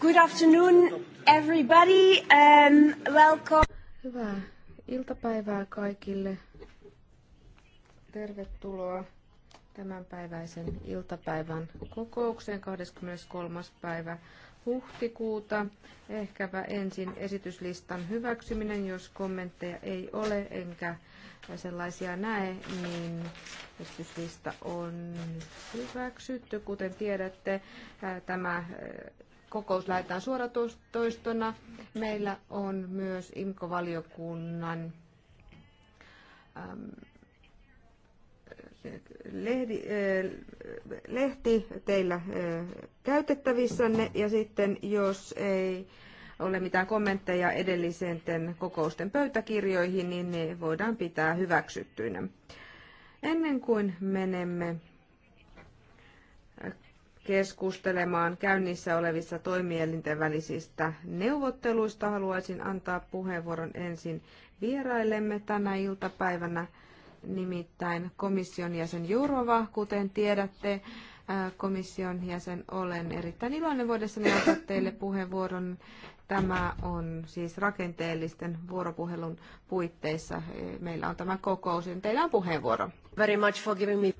Good afternoon everybody. Um, welcome. Hyvää iltapäivää kaikille. Tervetuloa tämänpäiväisen iltapäivän kokoukseen 23. päivä huhtikuuta. Ehkäpä ensin esityslistan hyväksyminen, jos kommentteja ei ole enkä sellaisia näe, niin esityslista on hyväksytty. Kuten tiedätte, tämä kokous lähetetään suoratoistona. Meillä on myös IMKO-valiokunnan lehti teillä käytettävissänne ja sitten jos ei ole mitään kommentteja edellisen kokousten pöytäkirjoihin, niin ne voidaan pitää hyväksyttyinä. Ennen kuin menemme keskustelemaan käynnissä olevissa toimielinten välisistä neuvotteluista. Haluaisin antaa puheenvuoron ensin vieraillemme tänä iltapäivänä, nimittäin komission jäsen Jurova, kuten tiedätte. Komission jäsen olen erittäin iloinen voidessani antaa teille puheenvuoron. Tämä on siis rakenteellisten vuoropuhelun puitteissa. Meillä on tämä kokous, teillä on puheenvuoro. Very much for giving me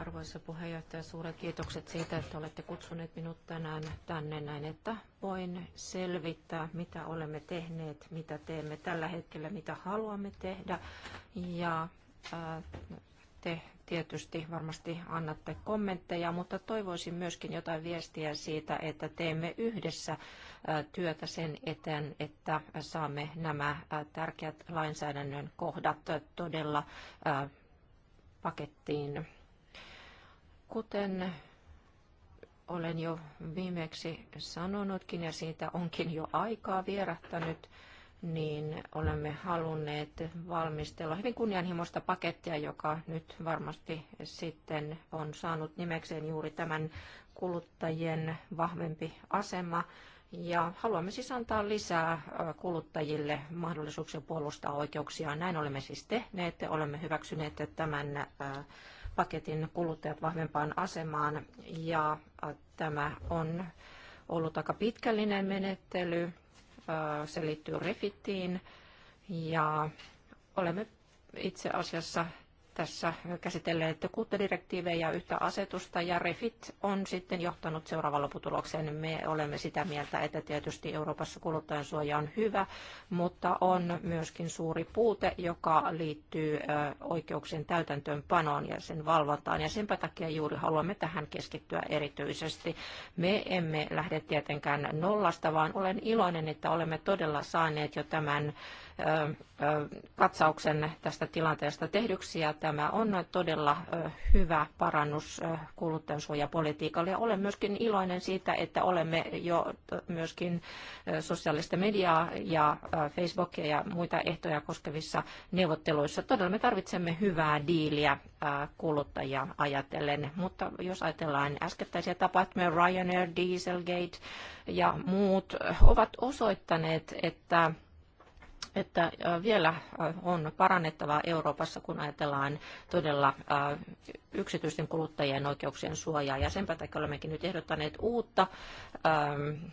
Arvoisa puheenjohtaja, suuret kiitokset siitä, että olette kutsuneet minut tänään tänne näin, että voin selvittää, mitä olemme tehneet, mitä teemme tällä hetkellä, mitä haluamme tehdä. Ja äh, te tietysti varmasti annatte kommentteja, mutta toivoisin myöskin jotain viestiä siitä, että teemme yhdessä äh, työtä sen eteen, että saamme nämä äh, tärkeät lainsäädännön kohdat todella pakettiin Kuten olen jo viimeksi sanonutkin ja siitä onkin jo aikaa vierähtänyt, niin olemme halunneet valmistella hyvin kunnianhimoista pakettia, joka nyt varmasti sitten on saanut nimekseen juuri tämän kuluttajien vahvempi asema. Ja haluamme siis antaa lisää kuluttajille mahdollisuuksia puolustaa oikeuksiaan. Näin olemme siis tehneet. Olemme hyväksyneet tämän paketin kuluttajat vahvempaan asemaan ja tämä on ollut aika pitkällinen menettely. Se liittyy refittiin ja olemme itse asiassa tässä käsitelleet kuutta direktiivejä ja yhtä asetusta, ja REFIT on sitten johtanut seuraavan lopputulokseen. Me olemme sitä mieltä, että tietysti Euroopassa kuluttajansuoja on hyvä, mutta on myöskin suuri puute, joka liittyy oikeuksien täytäntöönpanoon ja sen valvontaan, ja senpä takia juuri haluamme tähän keskittyä erityisesti. Me emme lähde tietenkään nollasta, vaan olen iloinen, että olemme todella saaneet jo tämän katsauksen tästä tilanteesta tehdyksi ja tämä on todella hyvä parannus kuluttajansuojapolitiikalle. Ja olen myöskin iloinen siitä, että olemme jo myöskin sosiaalista mediaa ja Facebookia ja muita ehtoja koskevissa neuvotteluissa. Todella me tarvitsemme hyvää diiliä kuluttajia ajatellen, mutta jos ajatellaan äskettäisiä tapahtumia, Ryanair, Dieselgate ja muut ovat osoittaneet, että että äh, vielä äh, on parannettavaa Euroopassa, kun ajatellaan todella äh, yksityisten kuluttajien oikeuksien suojaa. Ja sen takia olemmekin nyt ehdottaneet uutta ähm,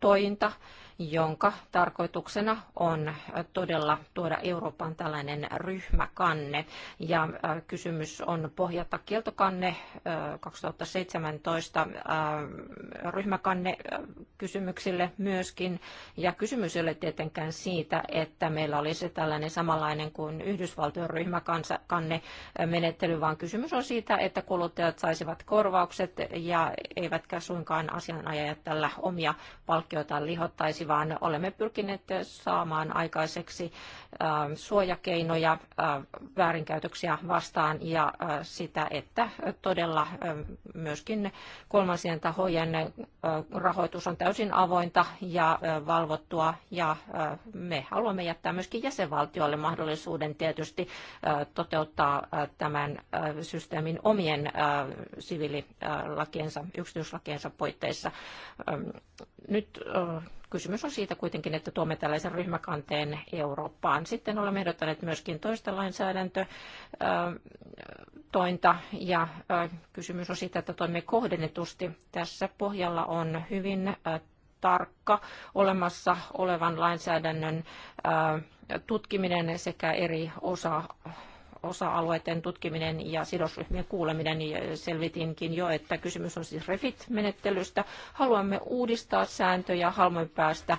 tointa, jonka tarkoituksena on todella tuoda Euroopan tällainen ryhmäkanne. Ja kysymys on pohjata kieltokanne 2017 ryhmäkanne kysymyksille myöskin. Ja kysymys ei ole tietenkään siitä, että meillä olisi tällainen samanlainen kuin Yhdysvaltojen ryhmäkanne menettely, vaan kysymys on siitä, että kuluttajat saisivat korvaukset ja eivätkä suinkaan asianajajat tällä omia palkkioitaan lihottaisi, vaan olemme pyrkineet saamaan aikaiseksi suojakeinoja väärinkäytöksiä vastaan ja sitä, että todella myöskin kolmansien tahojen rahoitus on täysin avointa ja valvottua ja me haluamme jättää myöskin jäsenvaltioille mahdollisuuden tietysti toteuttaa tämän systeemin omien siviililakiensa, yksityislakiensa puitteissa. Nyt kysymys on siitä kuitenkin, että tuomme tällaisen ryhmäkanteen Eurooppaan. Sitten olemme ehdottaneet myöskin toista lainsäädäntötointa ja kysymys on siitä, että toimme kohdennetusti. Tässä pohjalla on hyvin tarkka olemassa olevan lainsäädännön tutkiminen sekä eri osa osa-alueiden tutkiminen ja sidosryhmien kuuleminen. Selvitinkin jo, että kysymys on siis REFIT-menettelystä. Haluamme uudistaa sääntöjä, haluamme päästä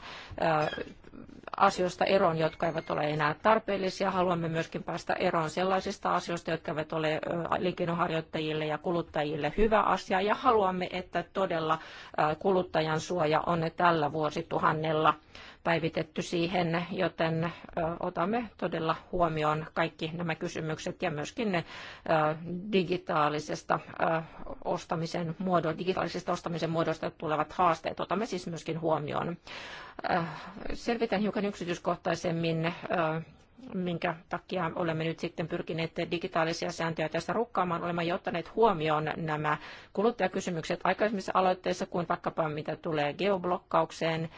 asioista eroon, jotka eivät ole enää tarpeellisia. Haluamme myöskin päästä eroon sellaisista asioista, jotka eivät ole liikinoharjoittajille ja kuluttajille hyvä asia. Ja haluamme, että todella kuluttajan suoja on tällä vuosituhannella päivitetty siihen, joten otamme todella huomioon kaikki nämä kysymykset ja myöskin ne digitaalisesta ostamisen muodo, digitaalisesta ostamisen muodosta tulevat haasteet otamme siis myöskin huomioon. Selvitän hiukan yksityiskohtaisemmin minkä takia olemme nyt sitten pyrkineet digitaalisia sääntöjä tässä rukkaamaan. Olemme ottaneet huomioon nämä kuluttajakysymykset aikaisemmissa aloitteissa kuin vaikkapa mitä tulee geoblokkaukseen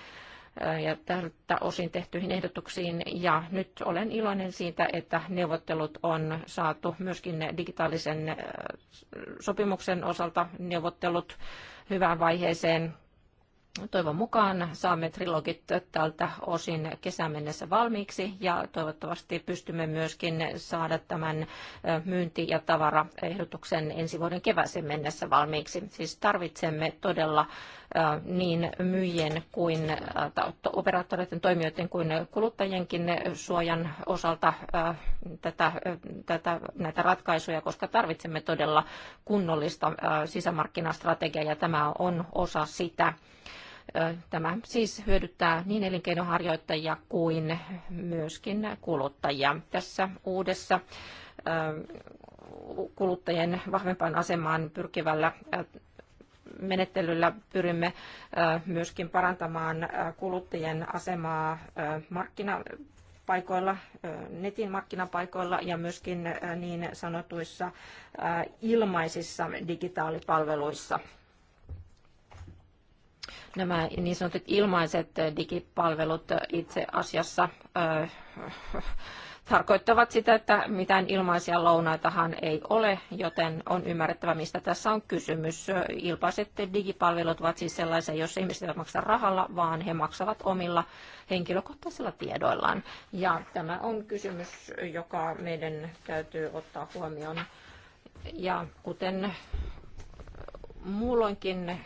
ja tältä osin tehtyihin ehdotuksiin. Ja nyt olen iloinen siitä, että neuvottelut on saatu myöskin digitaalisen sopimuksen osalta neuvottelut hyvään vaiheeseen. Toivon mukaan saamme trilogit tältä osin kesän mennessä valmiiksi ja toivottavasti pystymme myöskin saada tämän myynti- ja tavaraehdotuksen ensi vuoden kevääseen mennessä valmiiksi. Siis tarvitsemme todella niin myyjien kuin operaattoreiden, toimijoiden kuin kuluttajienkin suojan osalta tätä, tätä, näitä ratkaisuja, koska tarvitsemme todella kunnollista sisämarkkinastrategiaa ja tämä on osa sitä. Tämä siis hyödyttää niin elinkeinoharjoittajia kuin myöskin kuluttajia. Tässä uudessa kuluttajien vahvempaan asemaan pyrkivällä menettelyllä pyrimme myöskin parantamaan kuluttajien asemaa markkina paikoilla, netin markkinapaikoilla ja myöskin niin sanotuissa ilmaisissa digitaalipalveluissa. Nämä niin sanotut ilmaiset digipalvelut itse asiassa tarkoittavat sitä, että mitään ilmaisia lounaitahan ei ole, joten on ymmärrettävä, mistä tässä on kysymys. Ilmaiset digipalvelut ovat siis sellaisia, jos ihmiset eivät maksa rahalla, vaan he maksavat omilla henkilökohtaisilla tiedoillaan. Ja tämä on kysymys, joka meidän täytyy ottaa huomioon. Ja kuten muulloinkin äh,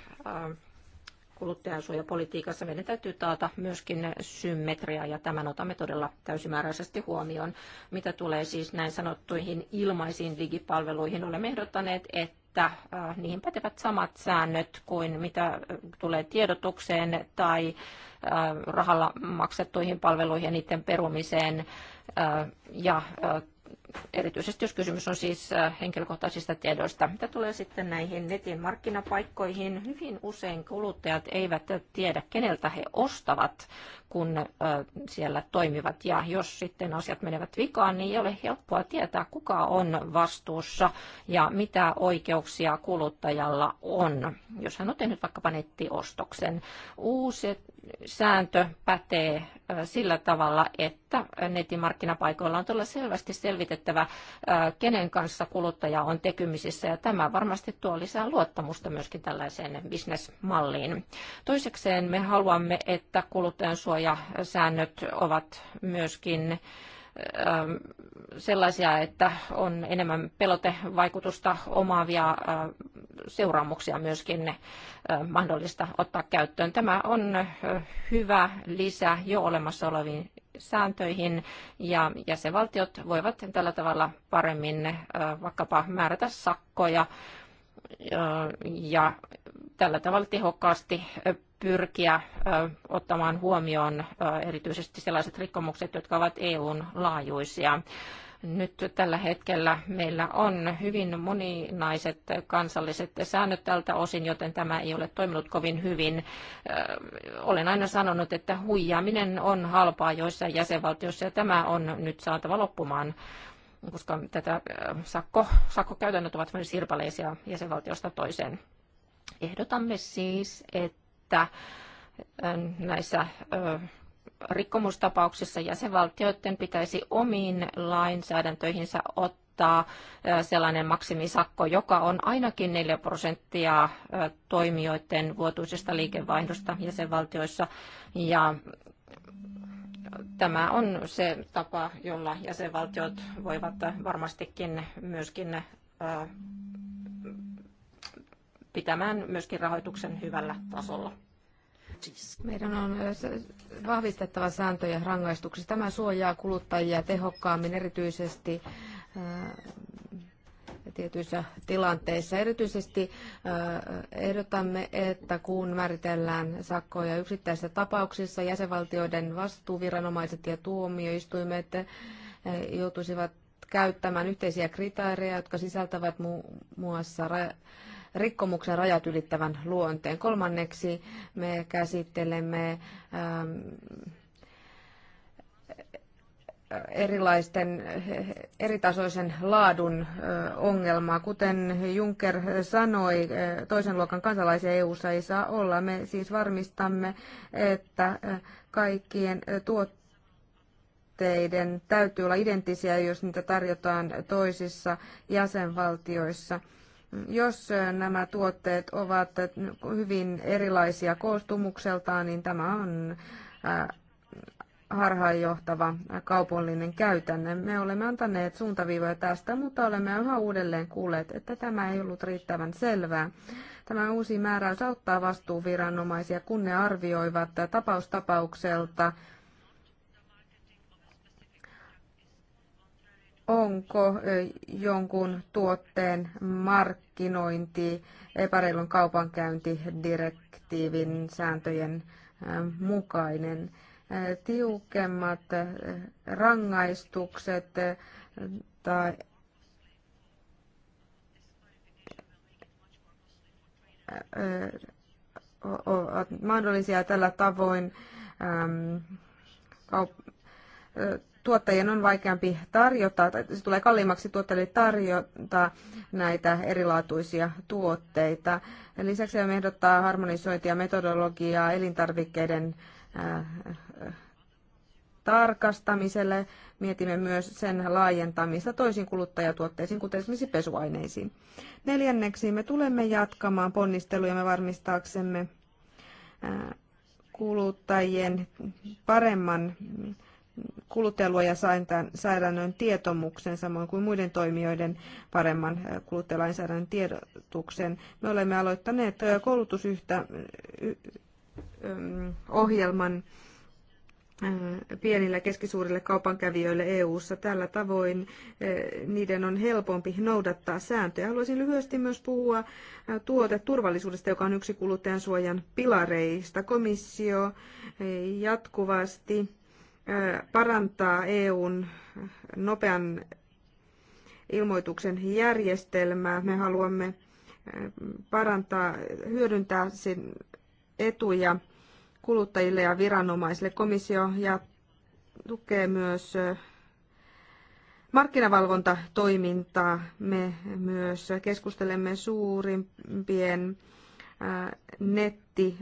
kuluttajansuojapolitiikassa meidän täytyy taata myöskin symmetria ja tämän otamme todella täysimääräisesti huomioon. Mitä tulee siis näin sanottuihin ilmaisiin digipalveluihin, olemme ehdottaneet, että että äh, niihin pätevät samat säännöt kuin mitä äh, tulee tiedotukseen tai äh, rahalla maksettuihin palveluihin ja niiden perumiseen ja erityisesti jos kysymys on siis äh, henkilökohtaisista tiedoista. Mitä tulee sitten näihin netin markkinapaikkoihin, hyvin usein kuluttajat eivät tiedä, keneltä he ostavat, kun äh, siellä toimivat. Ja jos sitten asiat menevät vikaan, niin ei ole helppoa tietää, kuka on vastuussa ja mitä oikeuksia kuluttajalla on. Jos hän on tehnyt vaikkapa nettiostoksen, uusi sääntö pätee äh, sillä tavalla, että netin markkinapaikoilla on todella selvästi selvitetty, selvitettävä, kenen kanssa kuluttaja on tekemisissä, ja tämä varmasti tuo lisää luottamusta myöskin tällaiseen bisnesmalliin. Toisekseen me haluamme, että kuluttajansuojasäännöt ovat myöskin Ähm, sellaisia, että on enemmän pelotevaikutusta omaavia äh, seuraamuksia myöskin äh, mahdollista ottaa käyttöön. Tämä on äh, hyvä lisä jo olemassa oleviin sääntöihin ja jäsenvaltiot voivat tällä tavalla paremmin vaikkapa määrätä sakkoja ja tällä tavalla tehokkaasti pyrkiä ottamaan huomioon erityisesti sellaiset rikkomukset, jotka ovat EUn laajuisia. Nyt tällä hetkellä meillä on hyvin moninaiset kansalliset säännöt tältä osin, joten tämä ei ole toiminut kovin hyvin. Olen aina sanonut, että huijaaminen on halpaa joissain jäsenvaltioissa ja tämä on nyt saatava loppumaan koska tätä sakko, sakkokäytännöt ovat myös sirpaleisia jäsenvaltiosta toiseen. Ehdotamme siis, että että ähm, näissä rikkomustapauksissa jäsenvaltioiden pitäisi omiin lainsäädäntöihinsä ottaa sellainen maksimisakko, joka on ainakin 4 prosenttia toimijoiden vuotuisesta liikevaihdosta jäsenvaltioissa. Ja tämä on se tapa, jolla jäsenvaltiot voivat varmastikin myöskin pitämään myöskin rahoituksen hyvällä tasolla. Meidän on vahvistettava sääntöjä rangaistuksista. Tämä suojaa kuluttajia tehokkaammin erityisesti tietyissä tilanteissa. Erityisesti ehdotamme, että kun määritellään sakkoja yksittäisissä tapauksissa, jäsenvaltioiden vastuuviranomaiset ja tuomioistuimet joutuisivat käyttämään yhteisiä kriteerejä, jotka sisältävät muun muassa rikkomuksen rajat ylittävän luonteen. Kolmanneksi me käsittelemme ähm, erilaisten eritasoisen laadun äh, ongelmaa. Kuten Juncker sanoi, äh, toisen luokan kansalaisia eu ei saa olla. Me siis varmistamme, että äh, kaikkien tuotteiden täytyy olla identtisiä, jos niitä tarjotaan toisissa jäsenvaltioissa jos nämä tuotteet ovat hyvin erilaisia koostumukseltaan, niin tämä on harhaanjohtava kaupallinen käytänne. Me olemme antaneet suuntaviivoja tästä, mutta olemme yhä uudelleen kuulleet, että tämä ei ollut riittävän selvää. Tämä uusi määräys auttaa vastuuviranomaisia, kun ne arvioivat tapaustapaukselta tapaukselta onko jonkun tuotteen markkinointi epäreilun kaupankäyntidirektiivin sääntöjen mukainen. Tiukemmat rangaistukset tai mahdollisia tällä tavoin tuottajien on vaikeampi tarjota, tai se tulee kalliimmaksi tuottajille tarjota näitä erilaatuisia tuotteita. Lisäksi me ehdottaa harmonisointia metodologiaa elintarvikkeiden äh, tarkastamiselle. Mietimme myös sen laajentamista toisiin kuluttajatuotteisiin, kuten esimerkiksi pesuaineisiin. Neljänneksi me tulemme jatkamaan me varmistaaksemme äh, kuluttajien paremman kuluttajaluojasäädännön tietomuksen, samoin kuin muiden toimijoiden paremman kuluttajalainsäädännön tiedotuksen. Me olemme aloittaneet koulutusyhtä ohjelman pienille ja keskisuurille kaupankävijöille EU-ssa. Tällä tavoin niiden on helpompi noudattaa sääntöjä. Haluaisin lyhyesti myös puhua tuoteturvallisuudesta, joka on yksi kuluttajan suojan pilareista. Komissio jatkuvasti parantaa EUn nopean ilmoituksen järjestelmää. Me haluamme parantaa, hyödyntää sen etuja kuluttajille ja viranomaisille. Komissio ja tukee myös markkinavalvontatoimintaa. Me myös keskustelemme suurimpien netti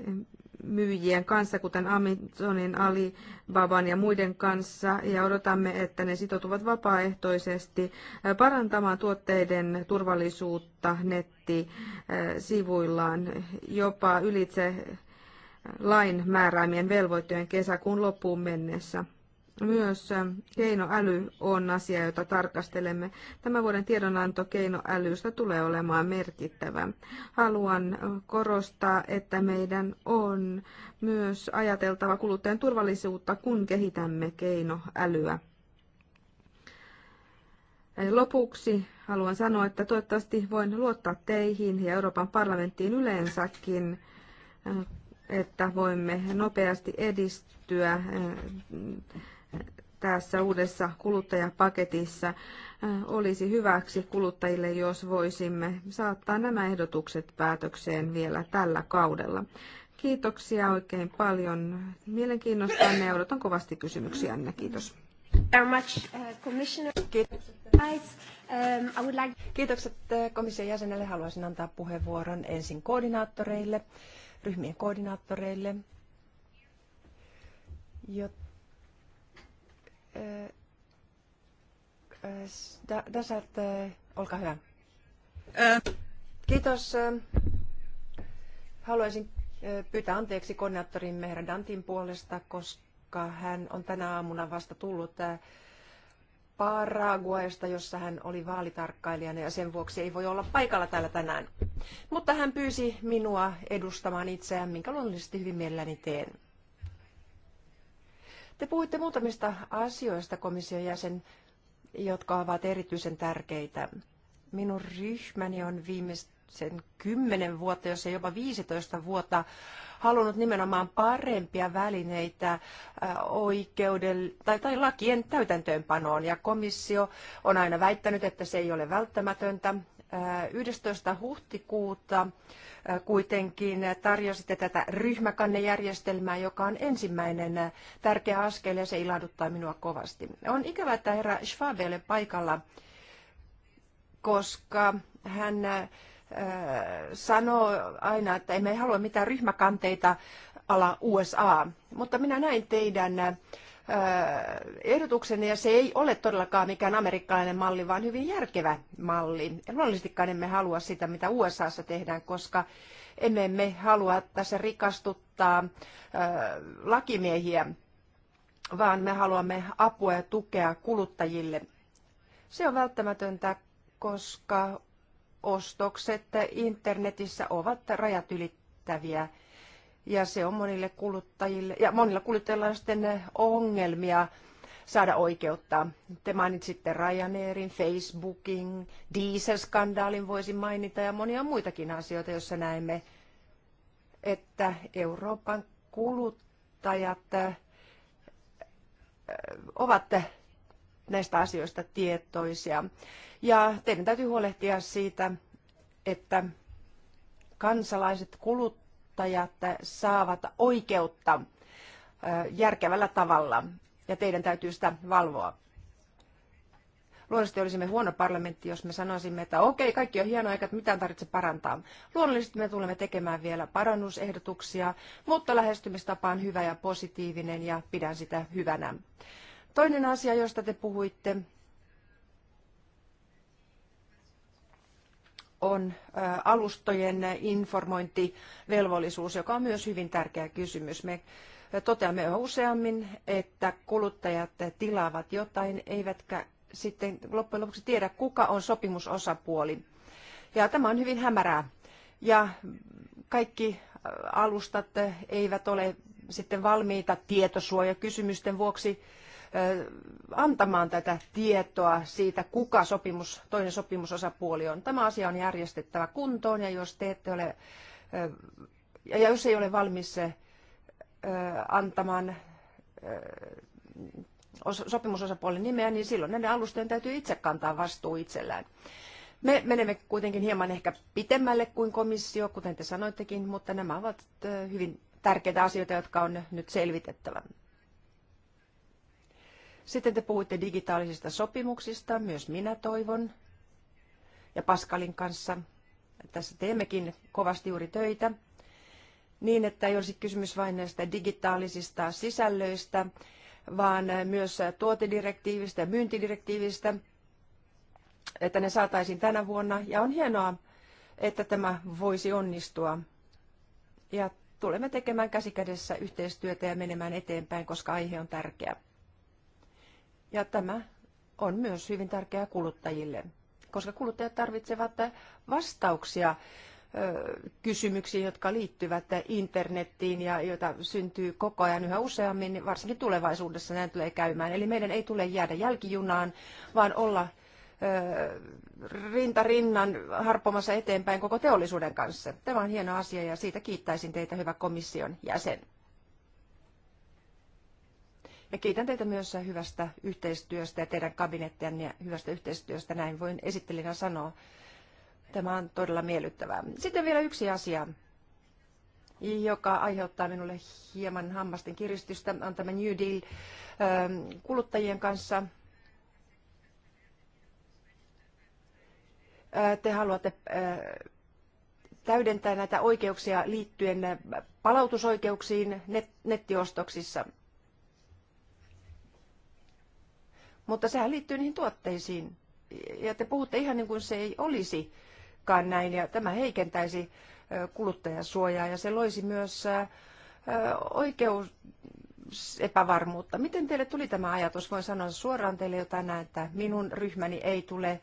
myyjien kanssa, kuten Amazonin, Alibaban ja muiden kanssa, ja odotamme, että ne sitoutuvat vapaaehtoisesti parantamaan tuotteiden turvallisuutta nettisivuillaan jopa ylitse lain määräämien velvoitteen kesäkuun loppuun mennessä. Myös keinoäly on asia, jota tarkastelemme. Tämän vuoden tiedonanto keinoälystä tulee olemaan merkittävä. Haluan korostaa, että meidän on myös ajateltava kuluttajan turvallisuutta, kun kehitämme keinoälyä. Lopuksi haluan sanoa, että toivottavasti voin luottaa teihin ja Euroopan parlamenttiin yleensäkin, että voimme nopeasti edistyä tässä uudessa kuluttajapaketissa olisi hyväksi kuluttajille, jos voisimme saattaa nämä ehdotukset päätökseen vielä tällä kaudella. Kiitoksia oikein paljon Mielenkiinnosta ja odotan kovasti kysymyksiänne. Kiitos. Kiitokset eh, komission jäsenelle. Haluaisin antaa puheenvuoron ensin koordinaattoreille, ryhmien koordinaattoreille, jotta Dasart, olkaa hyvä. Kiitos. Haluaisin pyytää anteeksi koordinaattorin Mehra Dantin puolesta, koska hän on tänä aamuna vasta tullut Paraguaista, jossa hän oli vaalitarkkailijana ja sen vuoksi ei voi olla paikalla täällä tänään. Mutta hän pyysi minua edustamaan itseään, minkä luonnollisesti hyvin mielelläni teen. Te puhuitte muutamista asioista komission jäsen, jotka ovat erityisen tärkeitä. Minun ryhmäni on viimeisen kymmenen vuotta, jos ei jopa 15 vuotta, halunnut nimenomaan parempia välineitä oikeuden tai, tai lakien täytäntöönpanoon. Ja komissio on aina väittänyt, että se ei ole välttämätöntä. 11. huhtikuuta kuitenkin tarjositte tätä ryhmäkannejärjestelmää, joka on ensimmäinen tärkeä askel ja se ilahduttaa minua kovasti. On ikävä, että herra Schwab ei ole paikalla, koska hän sanoo aina, että emme halua mitään ryhmäkanteita ala USA, mutta minä näin teidän ehdotuksenne ja se ei ole todellakaan mikään amerikkalainen malli, vaan hyvin järkevä malli. luonnollisestikaan emme halua sitä, mitä USAssa tehdään, koska emme me halua tässä rikastuttaa lakimiehiä, vaan me haluamme apua ja tukea kuluttajille. Se on välttämätöntä, koska ostokset internetissä ovat rajat ylittäviä ja se on monille kuluttajille, ja monilla kuluttajilla on sitten eh, ongelmia saada oikeutta. Te mainitsitte Ryanairin, Facebookin, diesel Diesel-skandaalin voisin mainita ja monia muitakin asioita, joissa näemme, että Euroopan kuluttajat eh, eh, ovat näistä asioista tietoisia. Ja teidän täytyy huolehtia siitä, että kansalaiset, kuluttajat, kuluttajat saavat oikeutta järkevällä tavalla ja teidän täytyy sitä valvoa. Luonnollisesti olisimme huono parlamentti, jos me sanoisimme, että okei, kaikki on hienoa eikä mitään tarvitse parantaa. Luonnollisesti me tulemme tekemään vielä parannusehdotuksia, mutta lähestymistapa on hyvä ja positiivinen ja pidän sitä hyvänä. Toinen asia, josta te puhuitte, on alustojen informointivelvollisuus, joka on myös hyvin tärkeä kysymys. Me toteamme yhä useammin, että kuluttajat tilaavat jotain, eivätkä sitten loppujen lopuksi tiedä, kuka on sopimusosapuoli. Ja tämä on hyvin hämärää. Ja kaikki alustat eivät ole sitten valmiita tietosuojakysymysten vuoksi antamaan tätä tietoa siitä, kuka sopimus, toinen sopimusosapuoli on. Tämä asia on järjestettävä kuntoon ja jos te ette ole, ja jos ei ole valmis antamaan sopimusosapuolen nimeä, niin silloin näiden alustojen täytyy itse kantaa vastuu itsellään. Me menemme kuitenkin hieman ehkä pitemmälle kuin komissio, kuten te sanoittekin, mutta nämä ovat hyvin tärkeitä asioita, jotka on nyt selvitettävä. Sitten te puhuitte digitaalisista sopimuksista, myös minä toivon. Ja Paskalin kanssa tässä teemmekin kovasti juuri töitä, niin että ei olisi kysymys vain näistä digitaalisista sisällöistä, vaan myös tuotedirektiivistä ja myyntidirektiivistä, että ne saataisiin tänä vuonna. Ja on hienoa, että tämä voisi onnistua. Ja tulemme tekemään käsikädessä yhteistyötä ja menemään eteenpäin, koska aihe on tärkeä. Ja tämä on myös hyvin tärkeää kuluttajille, koska kuluttajat tarvitsevat vastauksia kysymyksiin, jotka liittyvät internettiin ja joita syntyy koko ajan yhä useammin, varsinkin tulevaisuudessa näin tulee käymään. Eli meidän ei tule jäädä jälkijunaan, vaan olla rinta rinnan harppomassa eteenpäin koko teollisuuden kanssa. Tämä on hieno asia ja siitä kiittäisin teitä, hyvä komission jäsen. Ja kiitän teitä myös hyvästä yhteistyöstä ja teidän kabinettianne hyvästä yhteistyöstä, näin voin esittelijänä sanoa. Tämä on todella miellyttävää. Sitten vielä yksi asia, joka aiheuttaa minulle hieman hammasten kiristystä, on tämä New Deal ähm, kuluttajien kanssa. Äh, te haluatte äh, täydentää näitä oikeuksia liittyen äh, palautusoikeuksiin net, nettiostoksissa. Mutta sehän liittyy niihin tuotteisiin. Ja te puhutte ihan niin kuin se ei olisikaan näin. Ja tämä heikentäisi kuluttajasuojaa ja se loisi myös oikeus epävarmuutta. Miten teille tuli tämä ajatus? Voin sanoa suoraan teille jo tänään, että minun ryhmäni ei tule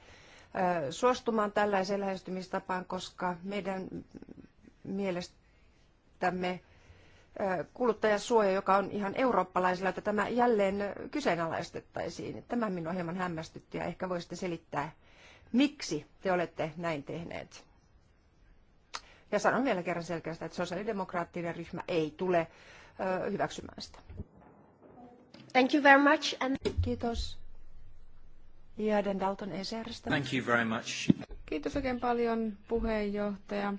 suostumaan tällaiseen lähestymistapaan, koska meidän mielestämme kuluttajasuoja, joka on ihan eurooppalaisella, että tämä jälleen kyseenalaistettaisiin. Tämä minua hieman hämmästytti ja ehkä voisitte selittää, miksi te olette näin tehneet. Ja sanon vielä kerran selkeästi, että sosiaalidemokraattinen ryhmä ei tule hyväksymään sitä. Thank you very much. And... Kiitos. Ja Dalton ECRstä. Thank you very much. Kiitos oikein paljon puheenjohtaja.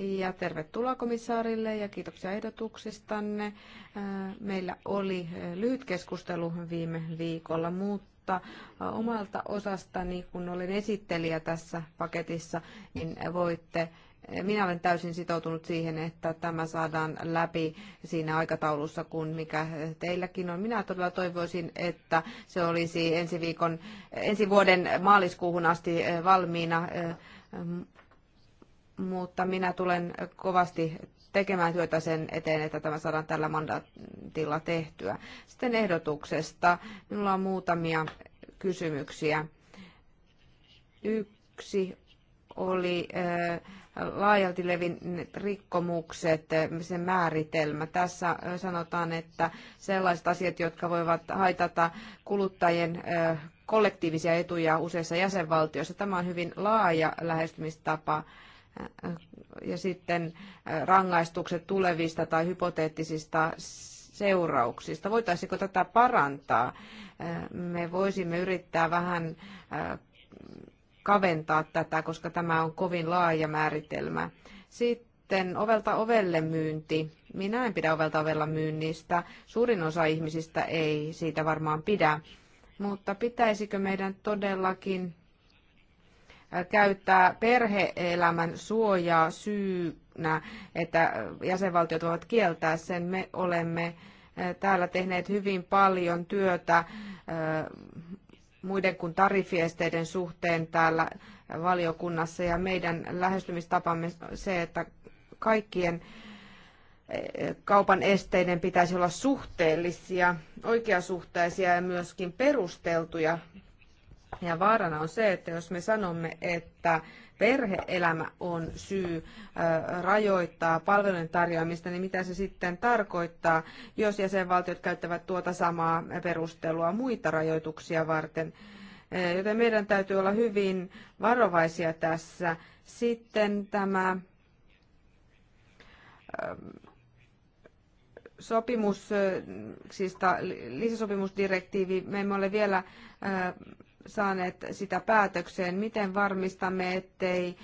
Ja tervetuloa komissaarille ja kiitoksia ehdotuksistanne. Äh, meillä oli äh, lyhyt keskustelu viime viikolla, mutta äh, omalta osastani, kun olen esittelijä tässä paketissa, niin voitte minä olen täysin sitoutunut siihen, että tämä saadaan läpi siinä aikataulussa, kun mikä teilläkin on. Minä todella toivoisin, että se olisi ensi, viikon, ensi vuoden maaliskuuhun asti valmiina mutta minä tulen kovasti tekemään työtä sen eteen, että tämä saadaan tällä mandaatilla tehtyä. Sitten ehdotuksesta. Minulla on muutamia kysymyksiä. Yksi oli äh, laajalti levinneet rikkomukset, äh, sen määritelmä. Tässä äh, sanotaan, että sellaiset asiat, jotka voivat haitata kuluttajien kollektiivisia etuja useissa jäsenvaltioissa. Tämä on hyvin laaja lähestymistapa ja sitten rangaistukset tulevista tai hypoteettisista seurauksista. Voitaisiko tätä parantaa? Me voisimme yrittää vähän kaventaa tätä, koska tämä on kovin laaja määritelmä. Sitten ovelta ovelle myynti. Minä en pidä ovelta ovella myynnistä. Suurin osa ihmisistä ei siitä varmaan pidä. Mutta pitäisikö meidän todellakin käyttää perheelämän suojaa syynä, että jäsenvaltiot voivat kieltää sen. Me olemme eh, täällä tehneet hyvin paljon työtä eh, muiden kuin tarifiesteiden suhteen täällä valiokunnassa ja meidän lähestymistapamme se, että kaikkien eh, kaupan esteiden pitäisi olla suhteellisia, oikeasuhtaisia ja myöskin perusteltuja. Ja vaarana on se, että jos me sanomme, että perheelämä on syy rajoittaa palvelujen tarjoamista, niin mitä se sitten tarkoittaa, jos jäsenvaltiot käyttävät tuota samaa perustelua muita rajoituksia varten. Joten meidän täytyy olla hyvin varovaisia tässä. Sitten tämä sopimus, siis lisäsopimusdirektiivi, me emme ole vielä saaneet sitä päätökseen. Miten varmistamme, ettei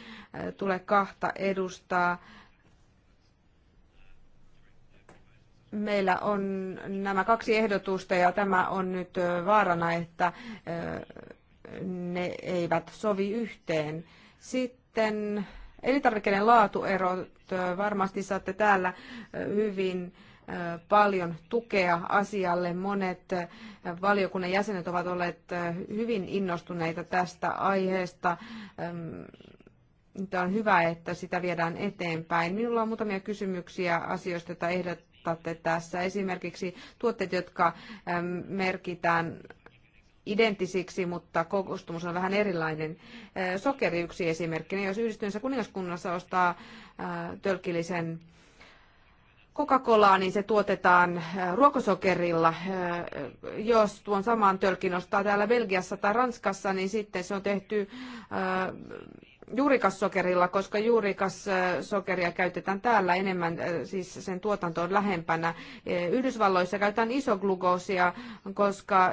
tule kahta edustaa? Meillä on nämä kaksi ehdotusta ja tämä on nyt vaarana, että ne eivät sovi yhteen. Sitten elintarvikkeiden laatuerot varmasti saatte täällä hyvin paljon tukea asialle. Monet valiokunnan jäsenet ovat olleet hyvin innostuneita tästä aiheesta. Tämä on hyvä, että sitä viedään eteenpäin. Minulla on muutamia kysymyksiä asioista, joita ehdotatte tässä. Esimerkiksi tuotteet, jotka merkitään identtisiksi, mutta koostumus on vähän erilainen. Sokeri yksi esimerkki. Jos yhdistyneessä kuningaskunnassa ostaa tölkillisen Coca-Colaa, niin se tuotetaan äh, ruokosokerilla. Äh, jos tuon saman tölkin ostaa täällä Belgiassa tai Ranskassa, niin sitten se on tehty äh, juurikassokerilla, koska juurikassokeria käytetään täällä enemmän, siis sen tuotanto on lähempänä. Yhdysvalloissa käytetään isoglukoosia, koska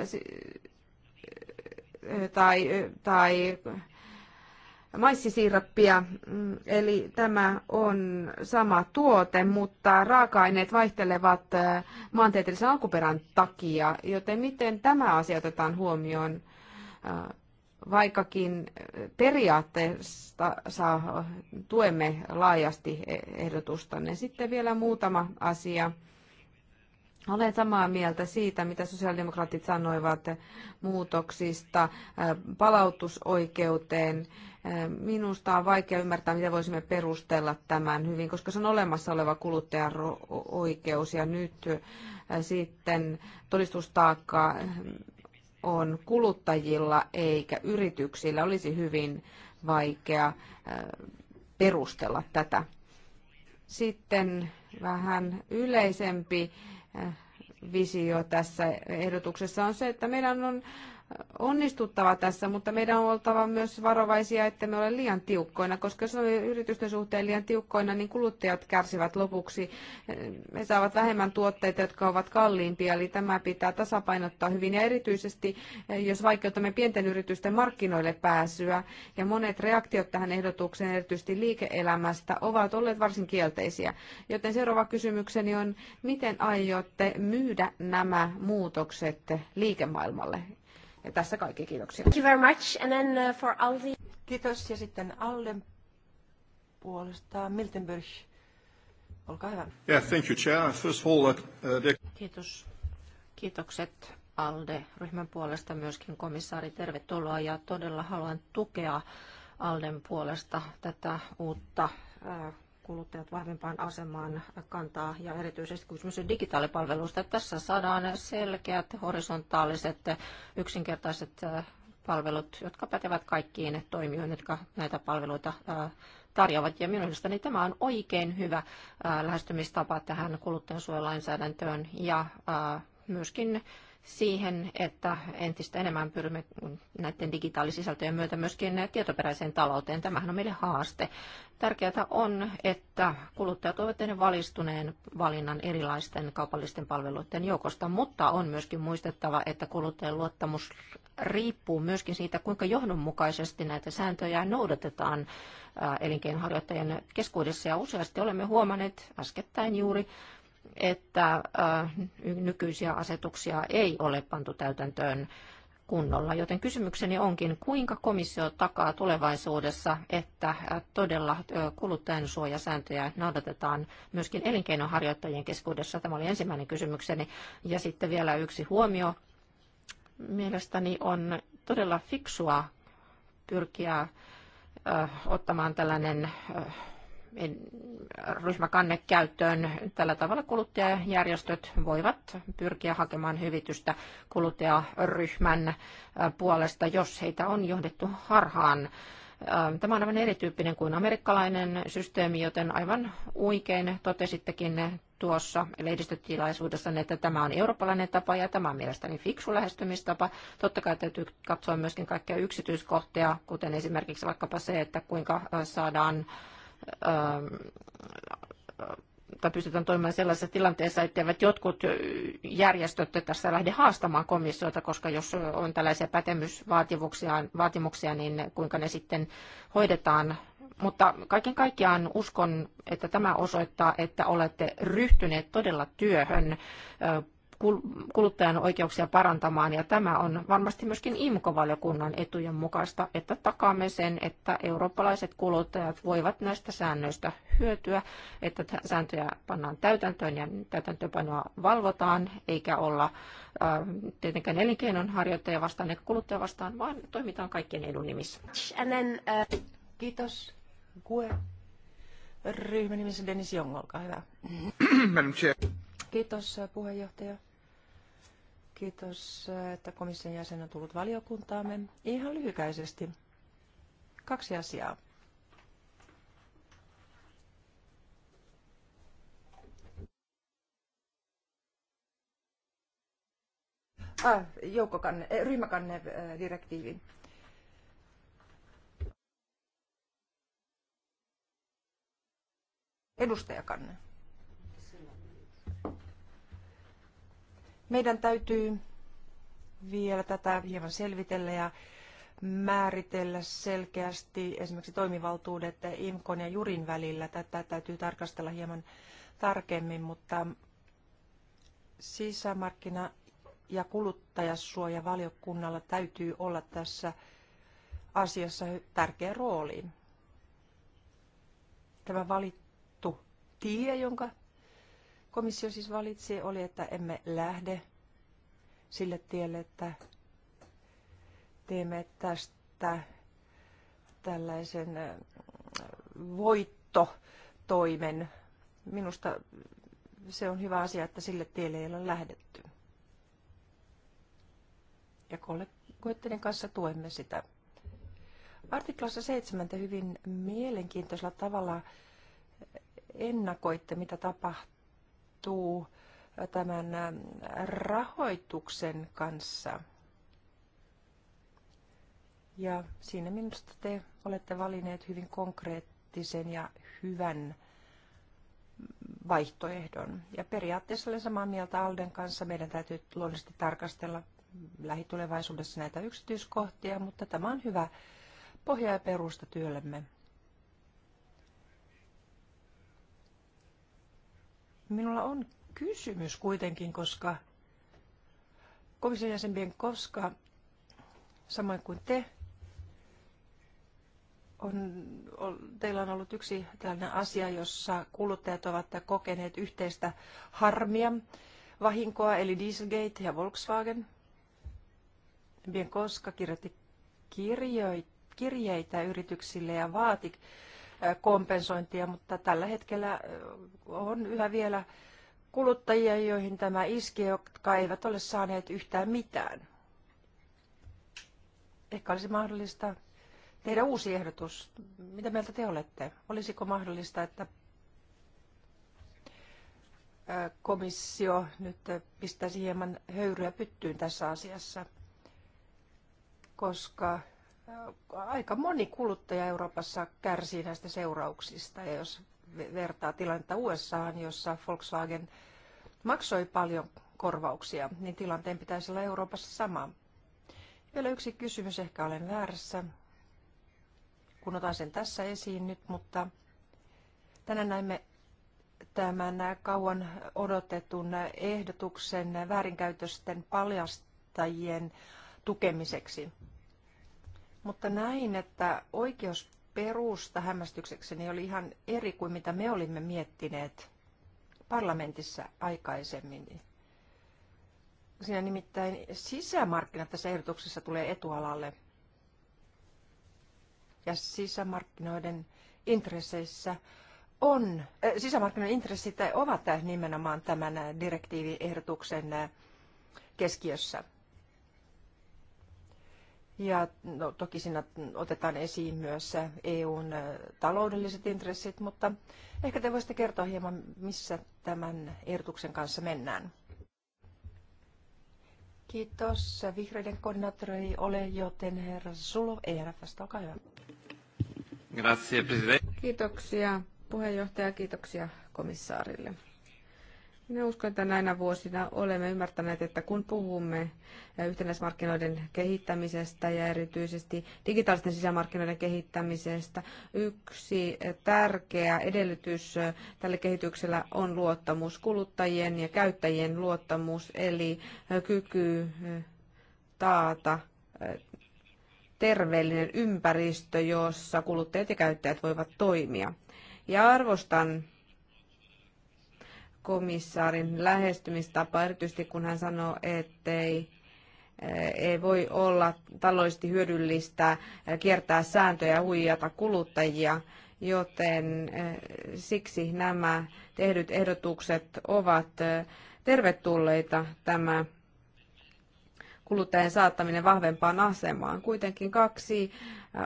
tai, tai maissisiirappia, mm, eli tämä on sama tuote, mutta raaka-aineet vaihtelevat äh, maantieteellisen alkuperän takia, joten miten tämä asia otetaan huomioon, äh, vaikkakin periaatteesta saa, tuemme laajasti e- ehdotustanne. Sitten vielä muutama asia. Olen samaa mieltä siitä, mitä sosiaalidemokraatit sanoivat muutoksista äh, palautusoikeuteen Minusta on vaikea ymmärtää, miten voisimme perustella tämän hyvin, koska se on olemassa oleva kuluttajan oikeus ja nyt sitten todistustaakka on kuluttajilla eikä yrityksillä. Olisi hyvin vaikea perustella tätä. Sitten vähän yleisempi visio tässä ehdotuksessa on se, että meidän on onnistuttava tässä, mutta meidän on oltava myös varovaisia, että me ole liian tiukkoina, koska jos olemme yritysten suhteen liian tiukkoina, niin kuluttajat kärsivät lopuksi. He saavat vähemmän tuotteita, jotka ovat kalliimpia, eli tämä pitää tasapainottaa hyvin. Ja erityisesti, jos vaikeutamme pienten yritysten markkinoille pääsyä, ja monet reaktiot tähän ehdotukseen, erityisesti liike-elämästä, ovat olleet varsin kielteisiä. Joten seuraava kysymykseni on, miten aiotte myydä nämä muutokset liikemaailmalle? Ja tässä kaikki, kiitoksia. Thank you very much. And then uh, for Aldi. Kiitos ja sitten Alden puolesta Miltenberg. Olkaa hyvä. Yeah, thank you, Chair. First of all, uh, the... Kiitos. Kiitokset ALDE-ryhmän puolesta myöskin komissaari, tervetuloa ja todella haluan tukea ALDEn puolesta tätä uutta uh, kuluttajat vahvempaan asemaan kantaa ja erityisesti kysymys on digitaalipalveluista. Tässä saadaan selkeät horisontaaliset yksinkertaiset äh, palvelut, jotka pätevät kaikkiin toimijoihin, jotka näitä palveluita äh, tarjoavat. Ja minun mielestäni tämä on oikein hyvä äh, lähestymistapa tähän kuluttajansuojalainsäädäntöön ja myöskin siihen, että entistä enemmän pyrimme näiden digitaalisisältöjen myötä myöskin tietoperäiseen talouteen. Tämähän on meille haaste. Tärkeää on, että kuluttajat ovat tehneet valistuneen valinnan erilaisten kaupallisten palveluiden joukosta, mutta on myöskin muistettava, että kuluttajan luottamus riippuu myöskin siitä, kuinka johdonmukaisesti näitä sääntöjä noudatetaan elinkeinharjoittajien keskuudessa. Ja useasti olemme huomanneet äskettäin juuri, että nykyisiä asetuksia ei ole pantu täytäntöön kunnolla. Joten kysymykseni onkin, kuinka komissio takaa tulevaisuudessa, että todella kuluttajan suojasääntöjä noudatetaan myöskin elinkeinonharjoittajien keskuudessa? Tämä oli ensimmäinen kysymykseni. Ja sitten vielä yksi huomio. Mielestäni on todella fiksua pyrkiä ottamaan tällainen ryhmäkannekäyttöön. käyttöön. Tällä tavalla kuluttajajärjestöt voivat pyrkiä hakemaan hyvitystä kuluttajaryhmän puolesta, jos heitä on johdettu harhaan. Tämä on aivan erityyppinen kuin amerikkalainen systeemi, joten aivan oikein totesittekin tuossa lehdistötilaisuudessa, että tämä on eurooppalainen tapa ja tämä on mielestäni fiksu lähestymistapa. Totta kai täytyy katsoa myöskin kaikkia yksityiskohtia, kuten esimerkiksi vaikkapa se, että kuinka saadaan Ähm, tai pystytään toimimaan sellaisessa tilanteessa, etteivät jotkut järjestöt tässä lähde haastamaan komissiota, koska jos on tällaisia pätemysvaatimuksia, vaatimuksia, niin kuinka ne sitten hoidetaan. Mutta kaiken kaikkiaan uskon, että tämä osoittaa, että olette ryhtyneet todella työhön kuluttajan oikeuksia parantamaan. Ja tämä on varmasti myöskin IMKO-valiokunnan etujen mukaista, että takaamme sen, että eurooppalaiset kuluttajat voivat näistä säännöistä hyötyä, että sääntöjä pannaan täytäntöön ja täytäntöpanoa valvotaan, eikä olla ähm, tietenkään elinkeinon harjoittaja vastaan eikä kuluttaja vastaan, vaan toimitaan kaikkien edun nimissä. Then, uh... Kiitos. Kue. Ryhmän nimessä Dennis Jong, olkaa hyvä. Kiitos äh, puheenjohtaja. Kiitos, että komission jäsen on tullut valiokuntaamme. Ihan lyhykäisesti. Kaksi asiaa. Ah, joukkokanne, eh, ryhmäkanne eh, direktiivi. Edustajakanne. Meidän täytyy vielä tätä hieman selvitellä ja määritellä selkeästi esimerkiksi toimivaltuudet IMKON ja JURin välillä. Tätä täytyy tarkastella hieman tarkemmin, mutta sisämarkkina- ja kuluttajasuojavaliokunnalla täytyy olla tässä asiassa tärkeä rooli. Tämä valittu tie, jonka komissio siis valitsi, oli, että emme lähde sille tielle, että teemme tästä tällaisen voittotoimen. Minusta se on hyvä asia, että sille tielle ei ole lähdetty. Ja kollegoitteiden kanssa tuemme sitä. Artiklassa 7 hyvin mielenkiintoisella tavalla ennakoitte, mitä tapahtuu tapahtuu tämän rahoituksen kanssa. Ja siinä minusta te olette valinneet hyvin konkreettisen ja hyvän vaihtoehdon. Ja periaatteessa olen samaa mieltä Alden kanssa. Meidän täytyy luonnollisesti tarkastella lähitulevaisuudessa näitä yksityiskohtia, mutta tämä on hyvä pohja ja perusta työllemme. Minulla on kysymys kuitenkin, koska komission jäsen koska samoin kuin te, on, on, teillä on ollut yksi tällainen asia, jossa kuluttajat ovat kokeneet yhteistä harmia, vahinkoa, eli Dieselgate ja Volkswagen. Bien koska kirjoitti kirjoit, kirjeitä yrityksille ja vaati kompensointia, mutta tällä hetkellä on yhä vielä kuluttajia, joihin tämä iskee, jotka eivät ole saaneet yhtään mitään. Ehkä olisi mahdollista tehdä uusi ehdotus. Mitä mieltä te olette? Olisiko mahdollista, että komissio nyt pistäisi hieman höyryä pyttyyn tässä asiassa, koska aika moni kuluttaja Euroopassa kärsii näistä seurauksista. Ja jos vertaa tilannetta USAhan, jossa Volkswagen maksoi paljon korvauksia, niin tilanteen pitäisi olla Euroopassa sama. Vielä yksi kysymys, ehkä olen väärässä, kun otan sen tässä esiin nyt, mutta tänään näimme tämän kauan odotetun ehdotuksen väärinkäytösten paljastajien tukemiseksi. Mutta näin, että oikeusperusta hämmästyksekseni oli ihan eri kuin mitä me olimme miettineet parlamentissa aikaisemmin. Siinä nimittäin sisämarkkinat tässä ehdotuksessa tulee etualalle. Ja sisämarkkinoiden intresseissä on, äh, sisämarkkinoiden intressit ovat nimenomaan tämän direktiiviehdotuksen äh, keskiössä. Ja no, toki siinä otetaan esiin myös EUn äh, taloudelliset intressit, mutta ehkä te voisitte kertoa hieman, missä tämän ehdotuksen kanssa mennään. Kiitos. Vihreiden koordinaattori ei ole, joten herra Sulo ERFstä, olkaa hyvä. Grazie, Kiitoksia puheenjohtaja, kiitoksia komissaarille. Minä uskon, että näinä vuosina olemme ymmärtäneet, että kun puhumme eh, yhtenäismarkkinoiden kehittämisestä ja erityisesti digitaalisten sisämarkkinoiden kehittämisestä, yksi eh, tärkeä edellytys eh, tälle kehityksellä on luottamus, kuluttajien ja käyttäjien luottamus, eli kyky taata terveellinen ympäristö, jossa kuluttajat ja käyttäjät voivat toimia. Ja arvostan komissaarin lähestymistapa, erityisesti kun hän sanoo, ettei eh, ei voi olla taloudellisesti hyödyllistä eh, kiertää sääntöjä ja huijata kuluttajia, joten eh, siksi nämä tehdyt ehdotukset ovat tervetulleita tämä kuluttajien saattaminen vahvempaan asemaan. Kuitenkin kaksi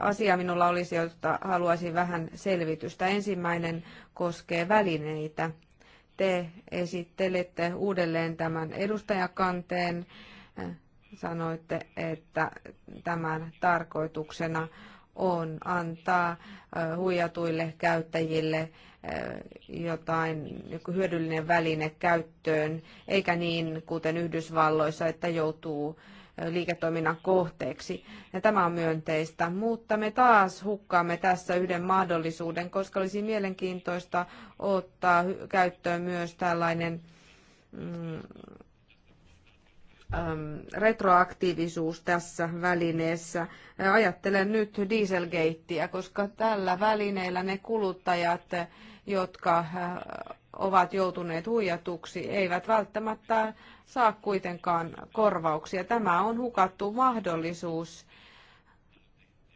asiaa minulla olisi, joita haluaisin vähän selvitystä. Ensimmäinen koskee välineitä te esittelette uudelleen tämän edustajakanteen. Sanoitte, että tämän tarkoituksena on antaa huijatuille käyttäjille jotain joku hyödyllinen väline käyttöön, eikä niin kuten Yhdysvalloissa, että joutuu liiketoiminnan kohteeksi. Ja tämä on myönteistä, mutta me taas hukkaamme tässä yhden mahdollisuuden, koska olisi mielenkiintoista ottaa käyttöön myös tällainen mm, retroaktiivisuus tässä välineessä. Ajattelen nyt dieselgeittiä, koska tällä välineellä ne kuluttajat, jotka ovat joutuneet huijatuksi, eivät välttämättä saa kuitenkaan korvauksia. Tämä on hukattu mahdollisuus.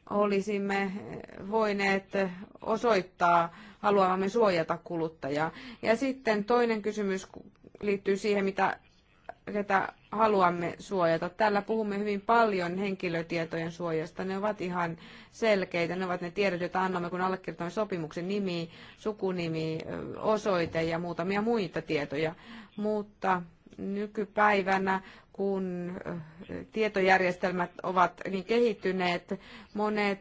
Olisimme voineet osoittaa haluamme suojata kuluttajaa. Ja sitten toinen kysymys liittyy siihen, mitä ketä haluamme suojata. Täällä puhumme hyvin paljon henkilötietojen suojasta. Ne ovat ihan selkeitä. Ne ovat ne tiedot, joita annamme, kun allekirjoitamme sopimuksen nimi, sukunimi, osoite ja muutamia muita tietoja. Mutta nykypäivänä, kun tietojärjestelmät ovat niin kehittyneet, monet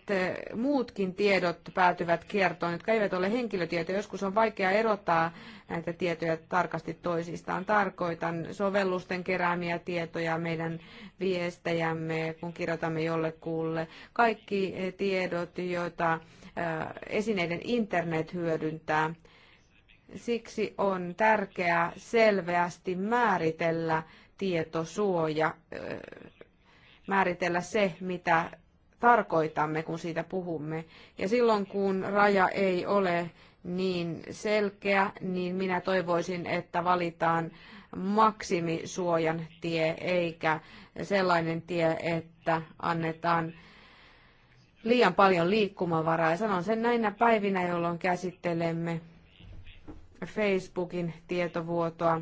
muutkin tiedot päätyvät kiertoon, jotka eivät ole henkilötietoja. Joskus on vaikea erottaa näitä tietoja tarkasti toisistaan. Tarkoitan sovellusten keräämiä tietoja, meidän viestejämme, kun kirjoitamme jollekulle. Kaikki tiedot, joita esineiden internet hyödyntää Siksi on tärkeää selveästi määritellä tietosuoja, määritellä se, mitä tarkoitamme, kun siitä puhumme. Ja silloin, kun raja ei ole niin selkeä, niin minä toivoisin, että valitaan maksimisuojan tie, eikä sellainen tie, että annetaan liian paljon liikkumavaraa. Ja sanon sen näinä päivinä, jolloin käsittelemme Facebookin tietovuotoa.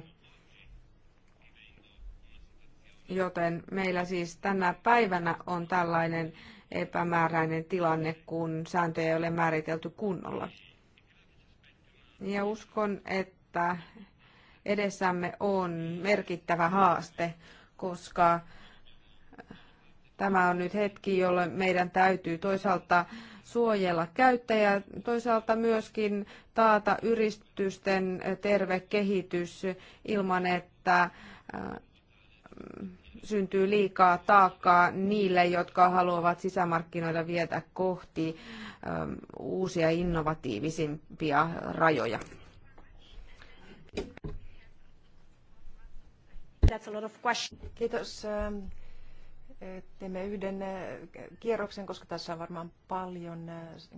Joten meillä siis tänä päivänä on tällainen epämääräinen tilanne, kun sääntöjä ei ole määritelty kunnolla. Ja uskon, että edessämme on merkittävä haaste, koska tämä on nyt hetki, jolloin meidän täytyy toisaalta suojella käyttäjää, toisaalta myöskin taata yritysten terve kehitys ilman, että äh, syntyy liikaa taakkaa niille, jotka haluavat sisämarkkinoita vietä kohti ähm, uusia innovatiivisimpia rajoja. Kiitos ähm, teemme yhden kierroksen, koska tässä on varmaan paljon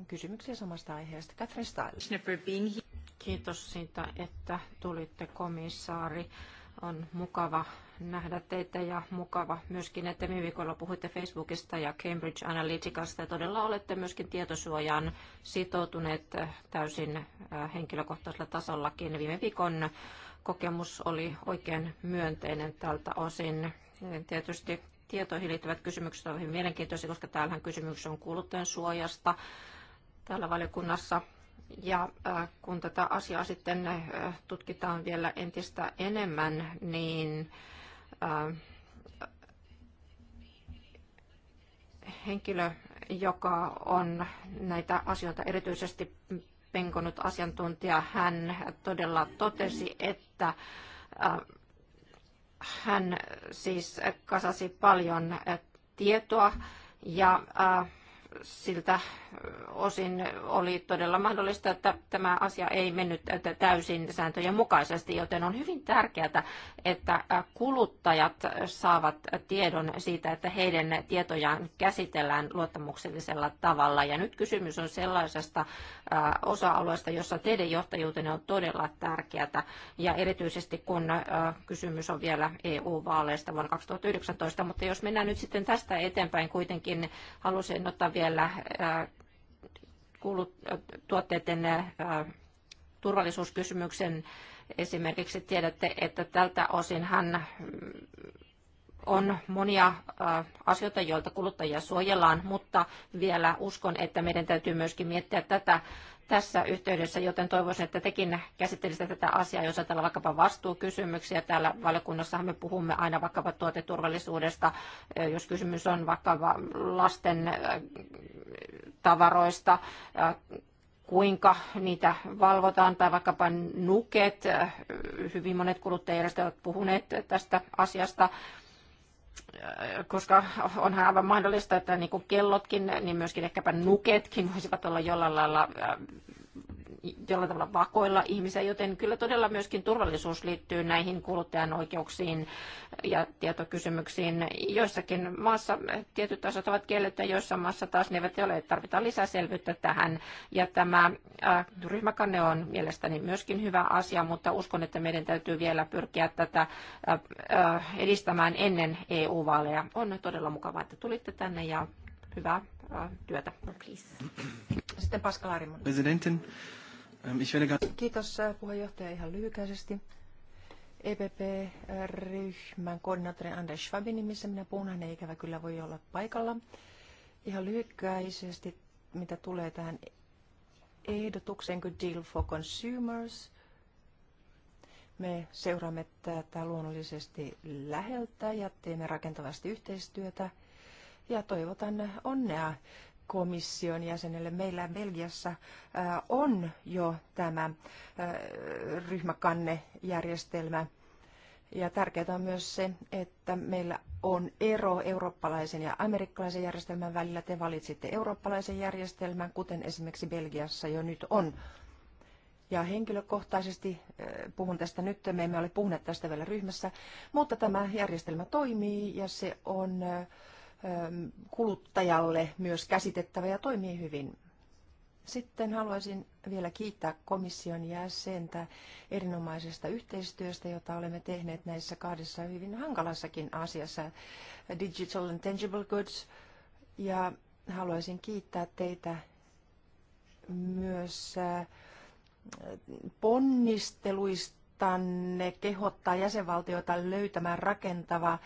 kysymyksiä samasta aiheesta. Catherine Stiles. Kiitos siitä, että tulitte komissaari. On mukava nähdä teitä ja mukava myöskin, että viime viikolla puhuitte Facebookista ja Cambridge Analyticasta ja todella olette myöskin tietosuojaan sitoutuneet täysin henkilökohtaisella tasollakin. Viime viikon kokemus oli oikein myönteinen tältä osin. Tietysti tietoihin liittyvät kysymykset ovat hyvin mielenkiintoisia, koska täällähän kysymys on kuluttajan suojasta täällä valiokunnassa. Ja kun tätä asiaa sitten tutkitaan vielä entistä enemmän, niin henkilö, joka on näitä asioita erityisesti penkonut asiantuntija, hän todella totesi, että hän siis kasasi paljon äh, tietoa ja äh, siltä osin oli todella mahdollista, että tämä asia ei mennyt täysin sääntöjen mukaisesti, joten on hyvin tärkeää, että kuluttajat saavat tiedon siitä, että heidän tietojaan käsitellään luottamuksellisella tavalla. Ja nyt kysymys on sellaisesta osa-alueesta, jossa teidän johtajuutenne on todella tärkeää, ja erityisesti kun kysymys on vielä EU-vaaleista vuonna 2019, mutta jos mennään nyt sitten tästä eteenpäin kuitenkin, halusin ottaa vielä siellä äh, tuotteiden äh, turvallisuuskysymyksen esimerkiksi tiedätte, että tältä osinhan on monia asioita, joilta kuluttajia suojellaan, mutta vielä uskon, että meidän täytyy myöskin miettiä tätä tässä yhteydessä, joten toivoisin, että tekin käsittelisitte tätä asiaa, jos ajatellaan vaikkapa vastuukysymyksiä. Täällä valiokunnassahan me puhumme aina vaikkapa tuoteturvallisuudesta, jos kysymys on vaikkapa lasten tavaroista, kuinka niitä valvotaan, tai vaikkapa nuket. Hyvin monet kuluttajajärjestöt ovat puhuneet tästä asiasta koska onhan aivan mahdollista, että niin kuin kellotkin, niin myöskin ehkäpä nuketkin voisivat olla jollain lailla jollain tavalla vakoilla ihmisiä, joten kyllä todella myöskin turvallisuus liittyy näihin kuluttajan oikeuksiin ja tietokysymyksiin. Joissakin maassa tietyt asiat ovat kiellettyjä, joissain maassa taas ne eivät ole. Tarvitaan lisäselvyyttä tähän. Ja tämä äh, ryhmäkanne on mielestäni myöskin hyvä asia, mutta uskon, että meidän täytyy vielä pyrkiä tätä äh, äh, edistämään ennen EU-vaaleja. On todella mukavaa, että tulitte tänne ja hyvää äh, työtä. Please. Sitten Pascal Arimon. Presidentin. Ähm, Kiitos äh, puheenjohtaja ihan lyhykäisesti. EPP-ryhmän koordinaattori Anders Schwabin nimissä minä puhun, hän ei ikävä kyllä voi olla paikalla. Ihan lyhykäisesti, mitä tulee tähän ehdotukseen kuin Deal for Consumers. Me seuraamme tätä luonnollisesti läheltä ja teemme rakentavasti yhteistyötä ja toivotan onnea komission jäsenelle. Meillä Belgiassa äh, on jo tämä äh, ryhmäkannejärjestelmä. Ja tärkeää on myös se, että meillä on ero eurooppalaisen ja amerikkalaisen järjestelmän välillä. Te valitsitte eurooppalaisen järjestelmän, kuten esimerkiksi Belgiassa jo nyt on. Ja henkilökohtaisesti äh, puhun tästä nyt, me emme ole puhuneet tästä vielä ryhmässä, mutta tämä järjestelmä toimii ja se on Ähm, kuluttajalle myös käsitettävä ja toimii hyvin. Sitten haluaisin vielä kiittää komission jäsentä erinomaisesta yhteistyöstä, jota olemme tehneet näissä kahdessa hyvin hankalassakin asiassa, Digital and Tangible Goods. Ja haluaisin kiittää teitä myös äh, ponnisteluistanne kehottaa jäsenvaltioita löytämään rakentava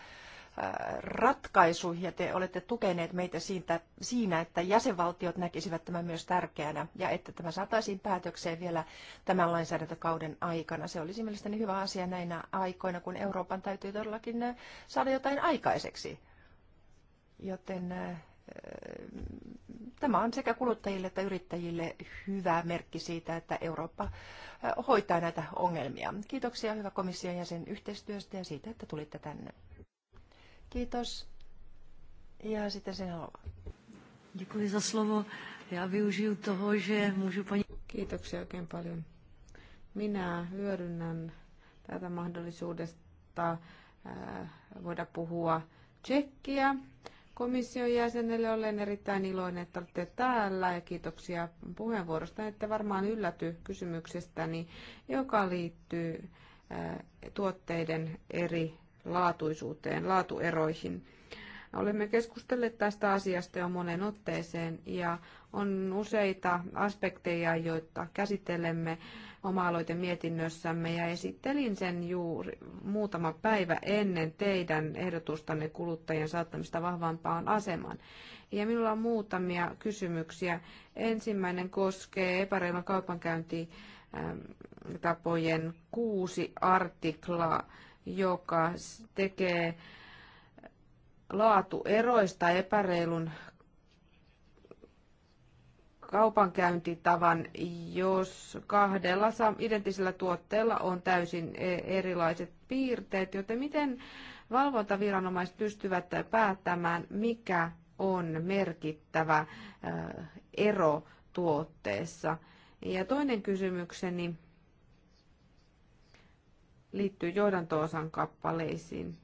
ratkaisu ja te olette tukeneet meitä siitä, siinä, että jäsenvaltiot näkisivät tämän myös tärkeänä ja että tämä saataisiin päätökseen vielä tämän lainsäädäntökauden aikana. Se olisi mielestäni hyvä asia näinä aikoina, kun Euroopan täytyy todellakin äh, saada jotain aikaiseksi. Joten äh, tämä on sekä kuluttajille että yrittäjille hyvä merkki siitä, että Eurooppa äh, hoitaa näitä ongelmia. Kiitoksia hyvä komission jäsen yhteistyöstä ja siitä, että tulitte tänne. Kiitos. Ja sitten se haluaa. Děkuji za slovo. Já využiju toho, že můžu paní... Kiitoksia oikein paljon. Minä hyödynnän tätä mahdollisuudesta voida puhua tsekkiä komission jäsenelle. Olen erittäin iloinen, että olette täällä ja kiitoksia puheenvuorosta. Että varmaan ylläty kysymyksestäni, joka liittyy tuotteiden eri laatuisuuteen, laatueroihin. Olemme keskustelleet tästä asiasta jo monen otteeseen ja on useita aspekteja, joita käsittelemme oma-aloitemietinnössämme ja esittelin sen juuri muutama päivä ennen teidän ehdotustanne kuluttajien saattamista vahvampaan asemaan. Ja minulla on muutamia kysymyksiä. Ensimmäinen koskee epäreilun kaupankäyntitapojen tapojen kuusi artiklaa joka tekee laatueroista epäreilun kaupankäyntitavan, jos kahdella identisellä tuotteella on täysin e- erilaiset piirteet, joten miten valvontaviranomaiset pystyvät päättämään, mikä on merkittävä ero tuotteessa. Ja toinen kysymykseni liittyy johdantoosan kappaleisiin.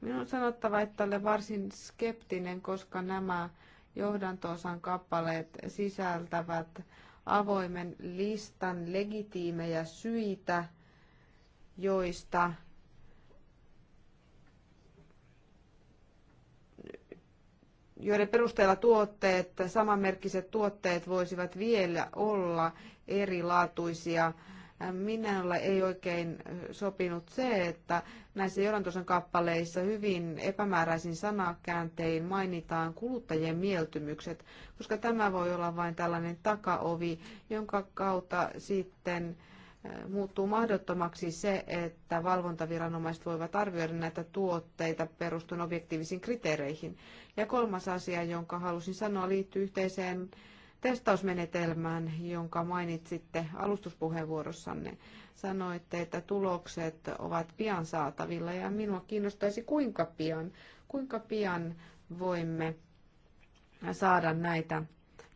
Minun on sanottava, että olen varsin skeptinen, koska nämä johdantoosan kappaleet sisältävät avoimen listan legitiimejä syitä, joista joiden perusteella tuotteet, samanmerkkiset tuotteet voisivat vielä olla erilaatuisia Minulle ei oikein sopinut se, että näissä Jorantosan kappaleissa hyvin epämääräisin sanakääntein mainitaan kuluttajien mieltymykset, koska tämä voi olla vain tällainen takaovi, jonka kautta sitten eh, muuttuu mahdottomaksi se, että valvontaviranomaiset voivat arvioida näitä tuotteita perustuen objektiivisiin kriteereihin. Ja kolmas asia, jonka halusin sanoa, liittyy yhteiseen testausmenetelmään, jonka mainitsitte alustuspuheenvuorossanne. Sanoitte, että tulokset ovat pian saatavilla ja minua kiinnostaisi kuinka pian, kuinka pian voimme saada näitä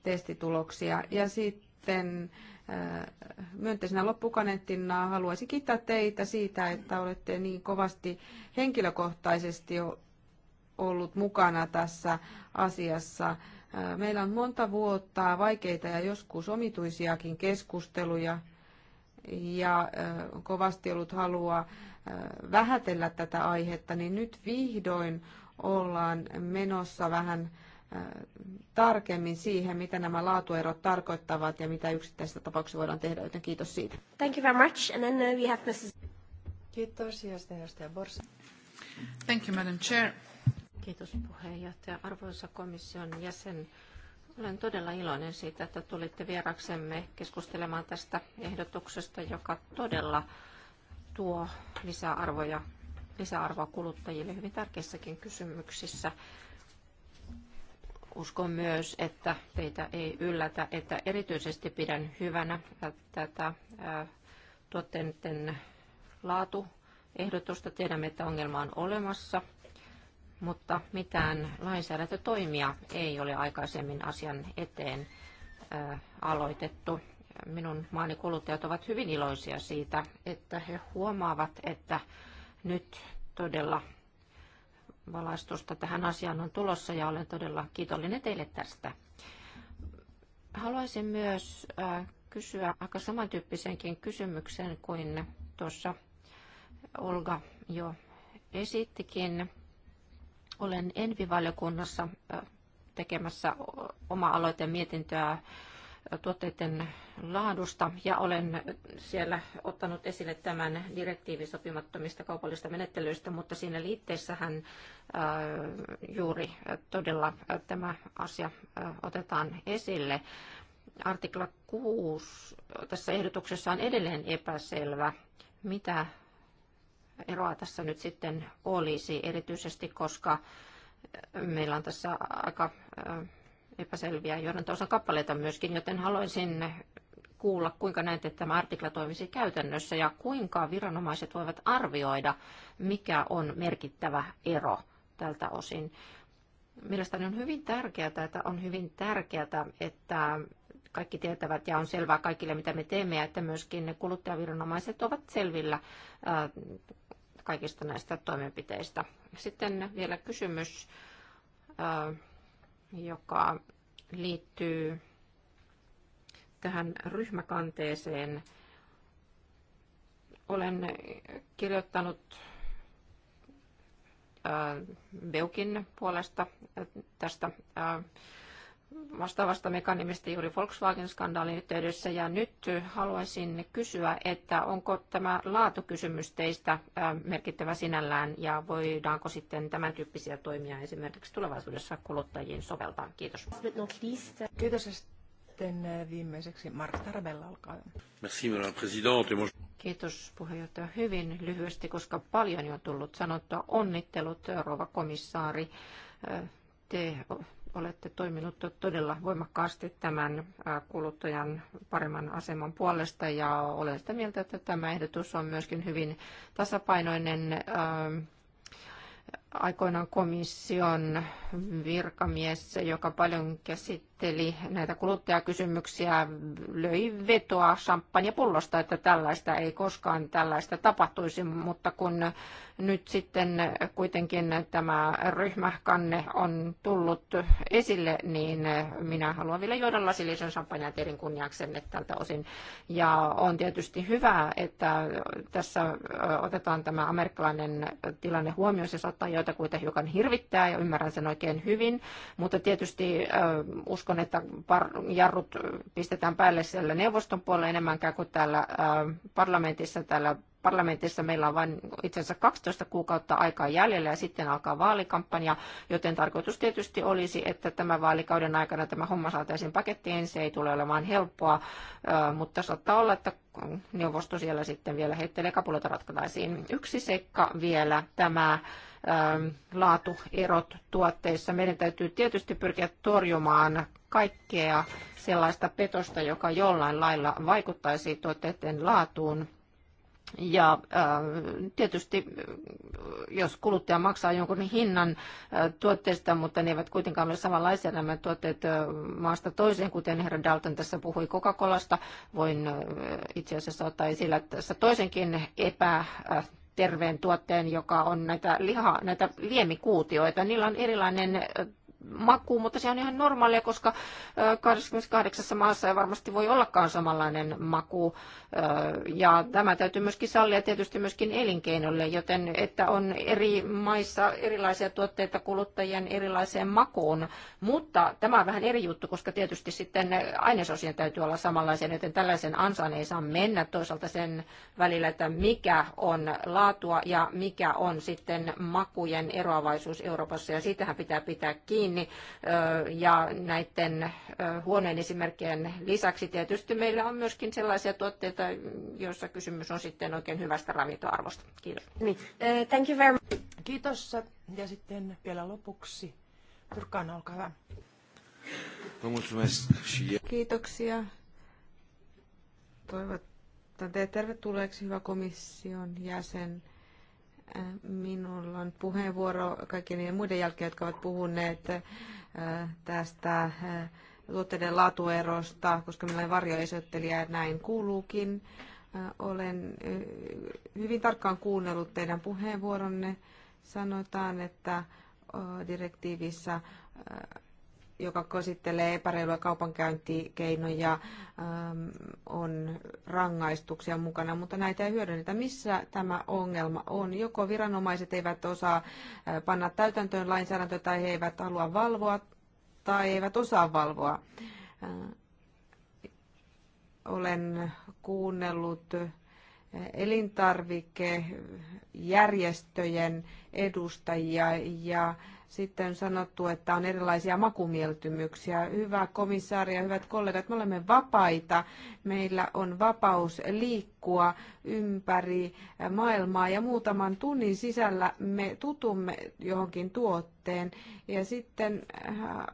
testituloksia. Ja sitten äh, myönteisenä loppukaneettina haluaisin kiittää teitä siitä, että olette niin kovasti henkilökohtaisesti ollut mukana tässä asiassa Meillä on monta vuotta vaikeita ja joskus omituisiakin keskusteluja ja on kovasti ollut halua vähätellä tätä aihetta, niin nyt vihdoin ollaan menossa vähän tarkemmin siihen, mitä nämä laatuerot tarkoittavat ja mitä yksittäisissä tapauksessa voidaan tehdä, joten kiitos siitä. Thank you very much. And then uh, we have Mrs. Kiitos ja sitten Borsa. Thank you, Madam Chair. Kiitos puheenjohtaja. Arvoisa komission jäsen, olen todella iloinen siitä, että tulitte vieraksemme keskustelemaan tästä ehdotuksesta, joka todella tuo lisäarvoja, lisäarvoa kuluttajille hyvin tärkeissäkin kysymyksissä. Uskon myös, että teitä ei yllätä, että erityisesti pidän hyvänä tätä tuotteiden laatu ehdotusta. Tiedämme, että ongelma on olemassa mutta mitään lainsäädäntötoimia ei ole aikaisemmin asian eteen aloitettu. Minun maani kuluttajat ovat hyvin iloisia siitä, että he huomaavat, että nyt todella valaistusta tähän asiaan on tulossa ja olen todella kiitollinen teille tästä. Haluaisin myös kysyä aika samantyyppisenkin kysymyksen kuin tuossa Olga jo esittikin. Olen Envi-valiokunnassa tekemässä oma-aloite mietintöä tuotteiden laadusta ja olen siellä ottanut esille tämän direktiivin sopimattomista kaupallista menettelyistä, mutta siinä liitteessähän juuri todella tämä asia otetaan esille. Artikla 6 tässä ehdotuksessa on edelleen epäselvä, mitä eroa tässä nyt sitten olisi, erityisesti koska meillä on tässä aika epäselviä joiden osa kappaleita myöskin, joten haluaisin kuulla, kuinka näette, että tämä artikla toimisi käytännössä ja kuinka viranomaiset voivat arvioida, mikä on merkittävä ero tältä osin. Mielestäni on hyvin tärkeää, että on hyvin tärkeää, että kaikki tietävät ja on selvää kaikille, mitä me teemme, ja että myöskin kuluttajaviranomaiset ovat selvillä kaikista näistä toimenpiteistä. Sitten vielä kysymys, joka liittyy tähän ryhmäkanteeseen. Olen kirjoittanut Beukin puolesta tästä vastaavasta mekanismista juuri Volkswagen-skandaalin yhteydessä. Ja nyt haluaisin kysyä, että onko tämä laatukysymys teistä merkittävä sinällään ja voidaanko sitten tämän tyyppisiä toimia esimerkiksi tulevaisuudessa kuluttajiin soveltaa? Kiitos. Kiitos. Sitten viimeiseksi Mark Tarabella, olkaa hyvä. Merci, madame présidente. Kiitos puheenjohtaja. Hyvin lyhyesti, koska paljon jo tullut sanottua. Onnittelut, rouva komissaari. Te olette toiminut todella voimakkaasti tämän kuluttajan paremman aseman puolesta ja olen sitä mieltä, että tämä ehdotus on myöskin hyvin tasapainoinen aikoinaan komission virkamies, joka paljon käsitti esitteli näitä kuluttajakysymyksiä, löi vetoa champagnepullosta, että tällaista ei koskaan tällaista tapahtuisi, mutta kun nyt sitten kuitenkin tämä ryhmäkanne on tullut esille, niin minä haluan vielä juoda lasillisen champagnea teidän kunniaksenne tältä osin. Ja on tietysti hyvä, että tässä otetaan tämä amerikkalainen tilanne huomioon, se saattaa joitakuita hiukan hirvittää ja ymmärrän sen oikein hyvin, mutta tietysti uskon, uskon, että jarrut pistetään päälle siellä neuvoston puolella enemmänkään kuin täällä parlamentissa. Täällä parlamentissa meillä on vain itse asiassa 12 kuukautta aikaa jäljellä ja sitten alkaa vaalikampanja, joten tarkoitus tietysti olisi, että tämä vaalikauden aikana tämä homma saataisiin pakettiin. Se ei tule olemaan helppoa, mutta saattaa olla, että neuvosto siellä sitten vielä heittelee kapuloita ratkotaisiin. Yksi seikka vielä tämä laatuerot tuotteissa. Meidän täytyy tietysti pyrkiä torjumaan kaikkea sellaista petosta, joka jollain lailla vaikuttaisi tuotteiden laatuun ja äh, tietysti äh, jos kuluttaja maksaa jonkun hinnan äh, tuotteesta, mutta ne eivät kuitenkaan ole samanlaisia nämä tuotteet maasta toiseen, kuten herra Dalton tässä puhui Coca-Colasta, voin itse asiassa ottaa esillä tässä toisenkin epä terveen tuotteen, joka on näitä, liha, näitä liemikuutioita. Niillä on erilainen makuun, mutta se on ihan normaalia, koska 28 maassa ei varmasti voi ollakaan samanlainen maku. Ja tämä täytyy myöskin sallia tietysti myöskin elinkeinolle, joten että on eri maissa erilaisia tuotteita kuluttajien erilaiseen makuun. Mutta tämä on vähän eri juttu, koska tietysti sitten ainesosien täytyy olla samanlaisia, joten tällaisen ansaan ei saa mennä toisaalta sen välillä, että mikä on laatua ja mikä on sitten makujen eroavaisuus Euroopassa. Ja siitähän pitää pitää kiinni kiinni. Ja näiden huoneen esimerkkien lisäksi tietysti meillä on myöskin sellaisia tuotteita, joissa kysymys on sitten oikein hyvästä ravintoarvosta. Kiitos. Niin. Thank you very much. Kiitos. Ja sitten vielä lopuksi. Turkkaan, olkaa hyvä. No, Kiitoksia. Toivotan teidät tervetulleeksi, hyvä komission jäsen. Minulla on puheenvuoro kaikkien niiden muiden jälkeen, jotka ovat puhuneet äh, tästä tuotteiden äh, laatuerosta, koska minä olen varjoesittelijä ja näin kuuluukin. Äh, olen hyvin tarkkaan kuunnellut teidän puheenvuoronne. Sanotaan, että direktiivissä joka käsittelee epäreilua kaupankäyntikeinoja, ähm, on rangaistuksia mukana, mutta näitä ei hyödynnetä. Missä tämä ongelma on? Joko viranomaiset eivät osaa äh, panna täytäntöön lainsäädäntöä tai he eivät halua valvoa tai eivät osaa valvoa. Äh, olen kuunnellut äh, elintarvikejärjestöjen edustajia ja sitten on sanottu, että on erilaisia makumieltymyksiä. Hyvä komissaari ja hyvät kollegat, me olemme vapaita. Meillä on vapaus liikkua ympäri maailmaa ja muutaman tunnin sisällä me tutumme johonkin tuotteen. Ja sitten äh,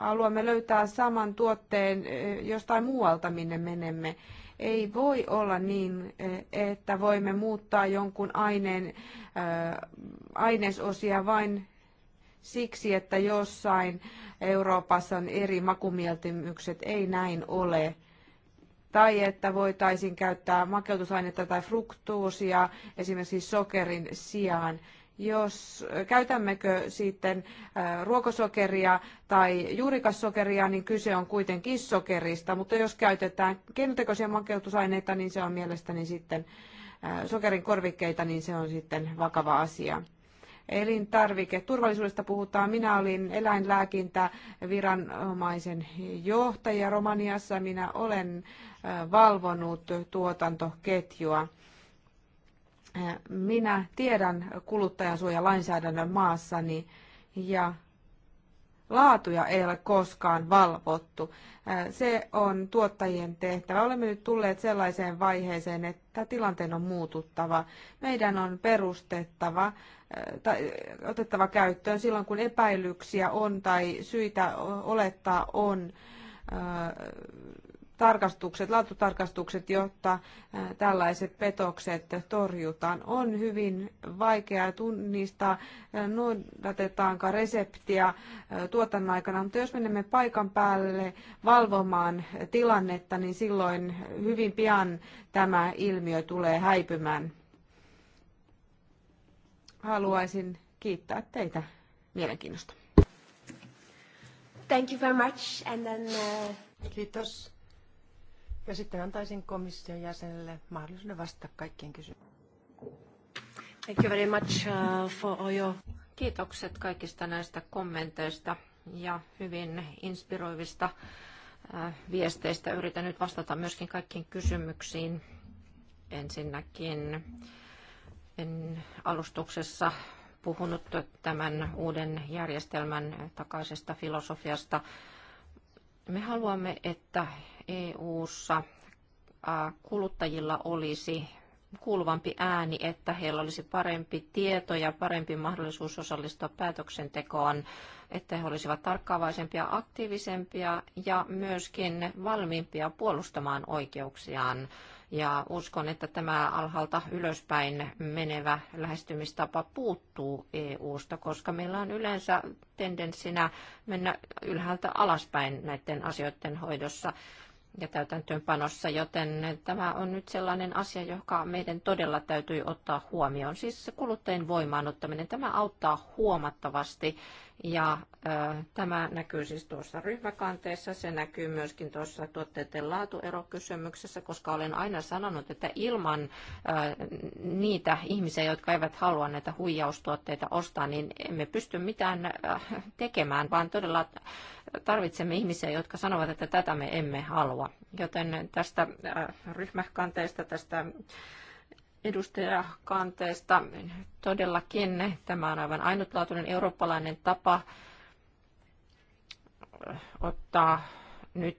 haluamme löytää saman tuotteen äh, jostain muualta, minne menemme. Ei voi olla niin, että voimme muuttaa jonkun aineen ainesosia vain siksi, että jossain Euroopassa on eri makumieltymykset. Ei näin ole tai että voitaisiin käyttää makeutusainetta tai fruktuusia esimerkiksi sokerin sijaan jos käytämmekö sitten ruokosokeria tai juurikassokeria, niin kyse on kuitenkin sokerista, mutta jos käytetään keinotekoisia makeutusaineita, niin se on mielestäni sitten sokerin korvikkeita, niin se on sitten vakava asia. turvallisuudesta puhutaan. Minä olin eläinlääkintäviranomaisen johtaja Romaniassa. Minä olen valvonut tuotantoketjua minä tiedän kuluttajansuojalainsäädännön maassani ja laatuja ei ole koskaan valvottu. Äh, se on tuottajien tehtävä. Olemme nyt tulleet sellaiseen vaiheeseen, että tilanteen on muututtava. Meidän on perustettava äh, tai otettava käyttöön silloin, kun epäilyksiä on tai syitä olettaa on äh, tarkastukset, laatutarkastukset, jotta tällaiset petokset torjutaan. On hyvin vaikeaa tunnistaa, noudatetaanko reseptiä tuotannon aikana, mutta jos menemme paikan päälle valvomaan tilannetta, niin silloin hyvin pian tämä ilmiö tulee häipymään. Haluaisin kiittää teitä mielenkiinnosta. Thank you very much. And then, uh... Kiitos. Ja sitten antaisin komission jäsenelle mahdollisuuden vastata kaikkien kysymyksiin. Thank you very much uh, for all your... Kiitokset kaikista näistä kommenteista ja hyvin inspiroivista uh, viesteistä. Yritän nyt vastata myöskin kaikkiin kysymyksiin. Ensinnäkin en alustuksessa puhunut tämän uuden järjestelmän takaisesta filosofiasta. Me haluamme, että EU-ssa kuluttajilla olisi kuuluvampi ääni, että heillä olisi parempi tieto ja parempi mahdollisuus osallistua päätöksentekoon, että he olisivat tarkkaavaisempia, aktiivisempia ja myöskin valmiimpia puolustamaan oikeuksiaan. Ja uskon, että tämä alhaalta ylöspäin menevä lähestymistapa puuttuu EU-sta, koska meillä on yleensä tendenssinä mennä ylhäältä alaspäin näiden asioiden hoidossa ja täytäntöönpanossa, joten tämä on nyt sellainen asia, joka meidän todella täytyy ottaa huomioon. Siis kuluttajien voimaanottaminen, tämä auttaa huomattavasti ja ö, tämä näkyy siis tuossa ryhmäkanteessa, se näkyy myöskin tuossa tuotteiden laatuerokysymyksessä, koska olen aina sanonut, että ilman ö, niitä ihmisiä, jotka eivät halua näitä huijaustuotteita ostaa, niin emme pysty mitään ö, tekemään, vaan todella tarvitsemme ihmisiä, jotka sanovat, että tätä me emme halua. Joten tästä ö, ryhmäkanteesta, tästä edustaja Kanteesta. Todellakin tämä on aivan ainutlaatuinen eurooppalainen tapa ottaa nyt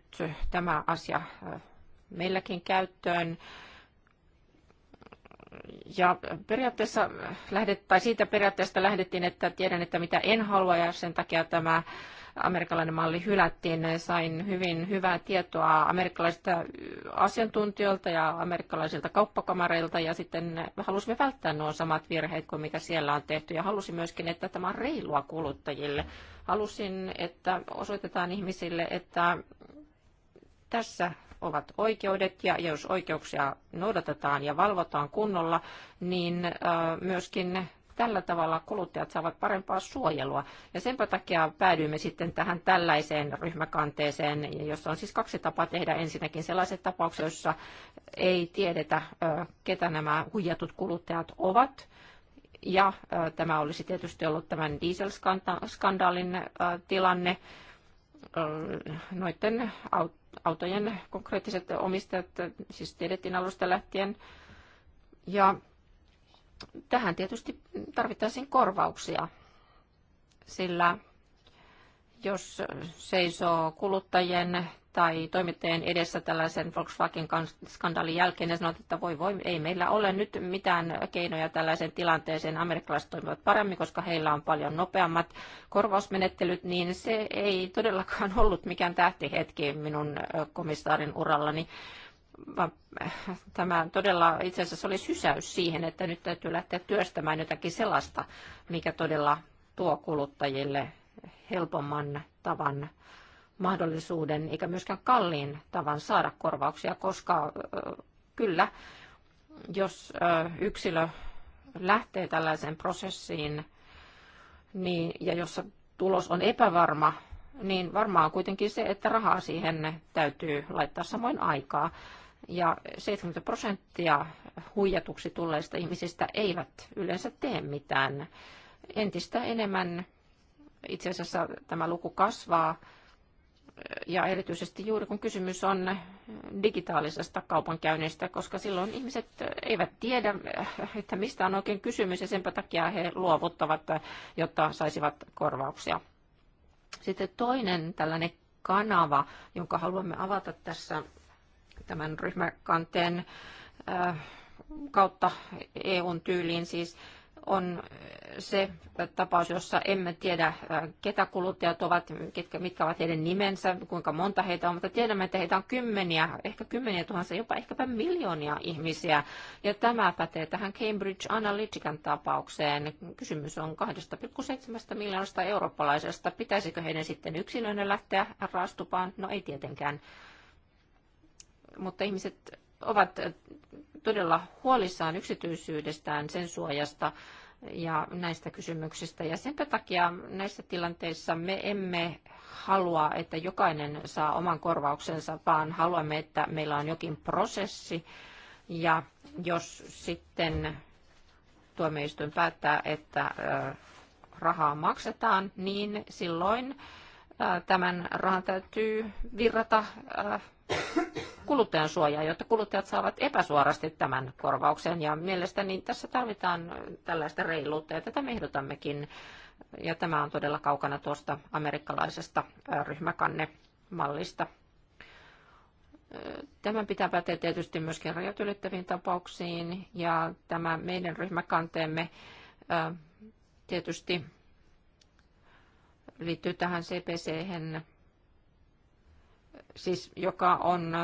tämä asia äh, meilläkin käyttöön. Ja periaatteessa lähdet, tai siitä periaatteesta lähdettiin, että tiedän, että mitä en halua, ja sen takia tämä amerikkalainen malli hylättiin. Sain hyvin hyvää tietoa amerikkalaisilta asiantuntijoilta ja amerikkalaisilta kauppakamareilta ja sitten halusimme välttää nuo samat virheet kuin mitä siellä on tehty ja halusin myöskin, että tämä on reilua kuluttajille. Halusin, että osoitetaan ihmisille, että tässä ovat oikeudet ja jos oikeuksia noudatetaan ja valvotaan kunnolla, niin myöskin Tällä tavalla kuluttajat saavat parempaa suojelua. Ja sen takia päädyimme sitten tähän tällaiseen ryhmäkanteeseen, jossa on siis kaksi tapaa tehdä. Ensinnäkin sellaiset tapaukset, joissa ei tiedetä, ketä nämä huijatut kuluttajat ovat. Ja tämä olisi tietysti ollut tämän dieselskandaalin tilanne noiden autojen konkreettiset omistajat, siis tiedettiin alusta lähtien. Ja Tähän tietysti tarvittaisiin korvauksia, sillä jos seisoo kuluttajien tai toimittajien edessä tällaisen Volkswagen-skandaalin jälkeen ja sanoo, että voi voi, ei meillä ole nyt mitään keinoja tällaisen tilanteeseen, amerikkalaiset toimivat paremmin, koska heillä on paljon nopeammat korvausmenettelyt, niin se ei todellakaan ollut mikään tähtihetki minun komissaarin urallani tämä todella itse asiassa oli sysäys siihen, että nyt täytyy lähteä työstämään jotakin sellaista, mikä todella tuo kuluttajille helpomman tavan mahdollisuuden, eikä myöskään kalliin tavan saada korvauksia, koska kyllä, jos yksilö lähtee tällaiseen prosessiin niin, ja jossa tulos on epävarma, niin varmaan kuitenkin se, että rahaa siihen täytyy laittaa samoin aikaa ja 70 prosenttia huijatuksi tulleista ihmisistä eivät yleensä tee mitään. Entistä enemmän itse asiassa tämä luku kasvaa ja erityisesti juuri kun kysymys on digitaalisesta kaupankäynnistä, koska silloin ihmiset eivät tiedä, että mistä on oikein kysymys ja sen takia he luovuttavat, jotta saisivat korvauksia. Sitten toinen tällainen kanava, jonka haluamme avata tässä tämän ryhmäkanteen kautta EUn tyyliin siis on se tapaus, jossa emme tiedä, ketä kuluttajat ovat, ketkä, mitkä ovat heidän nimensä, kuinka monta heitä on, mutta tiedämme, että heitä on kymmeniä, ehkä kymmeniä tuhansia, jopa ehkäpä miljoonia ihmisiä. Ja tämä pätee tähän Cambridge Analytican tapaukseen. Kysymys on 2,7 miljoonasta eurooppalaisesta. Pitäisikö heidän sitten yksilöinä lähteä raastupaan? No ei tietenkään mutta ihmiset ovat todella huolissaan yksityisyydestään, sen suojasta ja näistä kysymyksistä. Ja senpä takia näissä tilanteissa me emme halua, että jokainen saa oman korvauksensa, vaan haluamme, että meillä on jokin prosessi. Ja jos sitten tuomioistuin päättää, että rahaa maksetaan, niin silloin tämän rahan täytyy virrata kuluttajan suojaa, jotta kuluttajat saavat epäsuorasti tämän korvauksen. Ja mielestäni tässä tarvitaan tällaista reiluutta ja tätä me ehdotammekin. Ja tämä on todella kaukana tuosta amerikkalaisesta ryhmäkannemallista. Tämän pitää päteä tietysti myöskin rajat ylittäviin tapauksiin ja tämä meidän ryhmäkanteemme tietysti liittyy tähän CPC, siis joka on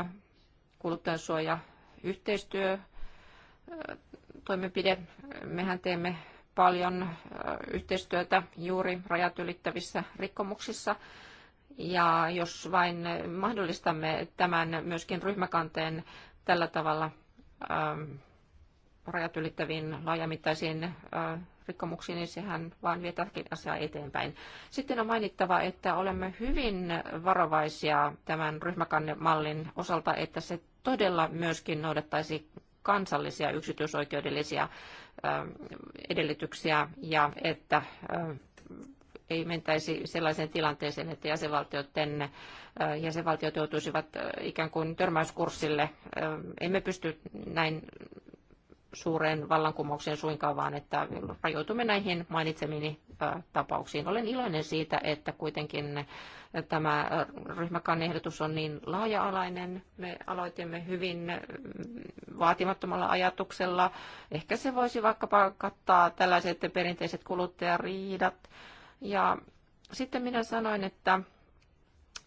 kuluttajansuoja yhteistyö toimenpide. Mehän teemme paljon yhteistyötä juuri rajat ylittävissä rikkomuksissa. Ja jos vain mahdollistamme tämän myöskin ryhmäkanteen tällä tavalla rajat ylittäviin laajamittaisiin rikkomuksiin, niin sehän vaan vie tärkein asiaa eteenpäin. Sitten on mainittava, että olemme hyvin varovaisia tämän ryhmäkannemallin osalta, että se todella myöskin noudattaisi kansallisia yksityisoikeudellisia ähm, edellytyksiä ja että ähm, ei mentäisi sellaiseen tilanteeseen, että jäsenvaltiot tänne, äh, jäsenvaltiot joutuisivat äh, ikään kuin törmäyskurssille. Ähm, emme pysty näin suureen vallankumoukseen suinkaan, vaan että rajoitumme näihin mainitsemini tapauksiin. Olen iloinen siitä, että kuitenkin tämä ryhmäkan ehdotus on niin laaja-alainen. Me aloitimme hyvin vaatimattomalla ajatuksella. Ehkä se voisi vaikkapa kattaa tällaiset perinteiset kuluttajariidat. Ja sitten minä sanoin, että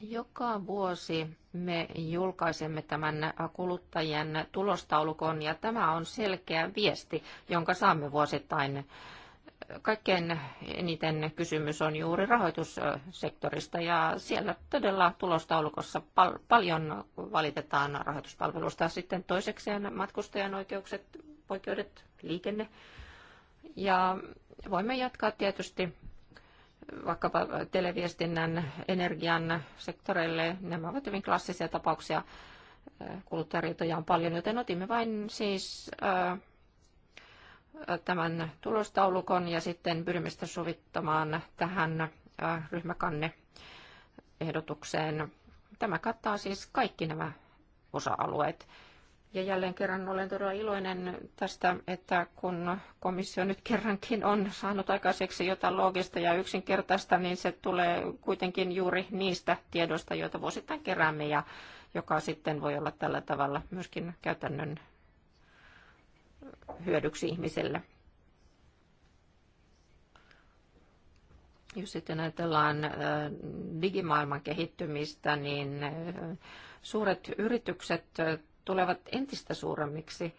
joka vuosi me julkaisemme tämän kuluttajien tulostaulukon ja tämä on selkeä viesti, jonka saamme vuosittain. Kaikkein eniten kysymys on juuri rahoitussektorista ja siellä todella tulostaulukossa pal- paljon valitetaan rahoituspalvelusta. Sitten toisekseen matkustajan oikeukset, oikeudet, liikenne. Ja voimme jatkaa tietysti vaikkapa televiestinnän, energian sektoreille. Nämä ovat hyvin klassisia tapauksia. Äh, kuluttajariitoja on paljon, joten otimme vain siis äh, tämän tulostaulukon ja sitten pyrimme sitä sovittamaan tähän äh, ryhmäkanne ehdotukseen. Tämä kattaa siis kaikki nämä osa-alueet. Ja jälleen kerran olen todella iloinen tästä, että kun komissio nyt kerrankin on saanut aikaiseksi jotain loogista ja yksinkertaista, niin se tulee kuitenkin juuri niistä tiedoista, joita vuosittain keräämme ja joka sitten voi olla tällä tavalla myöskin käytännön hyödyksi ihmiselle. Jos sitten ajatellaan äh, digimaailman kehittymistä, niin äh, suuret yritykset äh, tulevat entistä suuremmiksi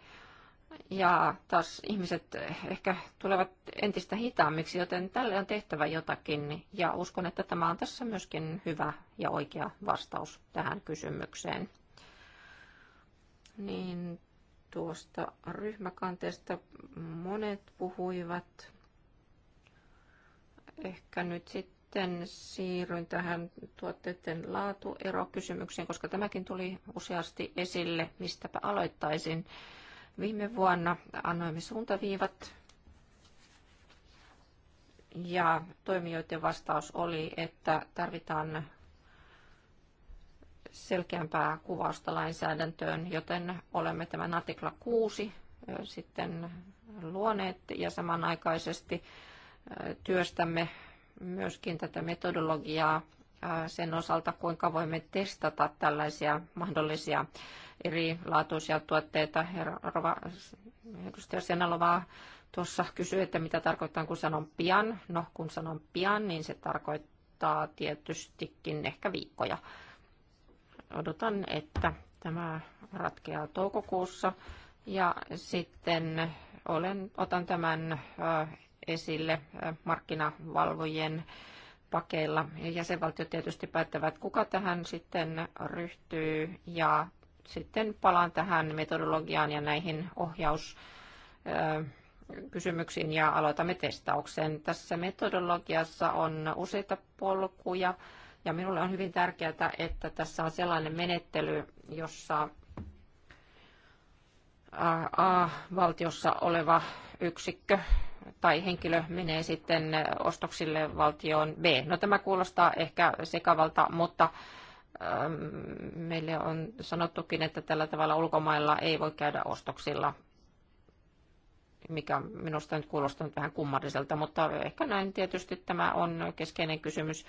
ja taas ihmiset ehkä tulevat entistä hitaammiksi, joten tälle on tehtävä jotakin ja uskon, että tämä on tässä myöskin hyvä ja oikea vastaus tähän kysymykseen. Niin tuosta ryhmäkanteesta monet puhuivat. Ehkä nyt sitten sitten siirryn tähän tuotteiden laatuerokysymykseen, koska tämäkin tuli useasti esille, mistäpä aloittaisin. Viime vuonna annoimme suuntaviivat ja toimijoiden vastaus oli, että tarvitaan selkeämpää kuvausta lainsäädäntöön, joten olemme tämän artikla 6 sitten luoneet ja samanaikaisesti työstämme myöskin tätä metodologiaa sen osalta, kuinka voimme testata tällaisia mahdollisia erilaatuisia tuotteita. Herra, Rova, edustaja Senalovaa tuossa kysyi, että mitä tarkoittaa, kun sanon pian. No, kun sanon pian, niin se tarkoittaa tietystikin ehkä viikkoja. Odotan, että tämä ratkeaa toukokuussa. Ja sitten olen, otan tämän esille markkinavalvojien pakeilla. Jäsenvaltiot tietysti päättävät, kuka tähän sitten ryhtyy ja sitten palaan tähän metodologiaan ja näihin ohjaus kysymyksiin ja aloitamme testauksen. Tässä metodologiassa on useita polkuja ja minulle on hyvin tärkeää, että tässä on sellainen menettely, jossa A-valtiossa oleva yksikkö tai henkilö menee sitten ostoksille valtioon B. No tämä kuulostaa ehkä sekavalta, mutta ähm, meille on sanottukin, että tällä tavalla ulkomailla ei voi käydä ostoksilla, mikä minusta nyt kuulostaa nyt vähän kummalliselta, mutta ehkä näin tietysti tämä on keskeinen kysymys.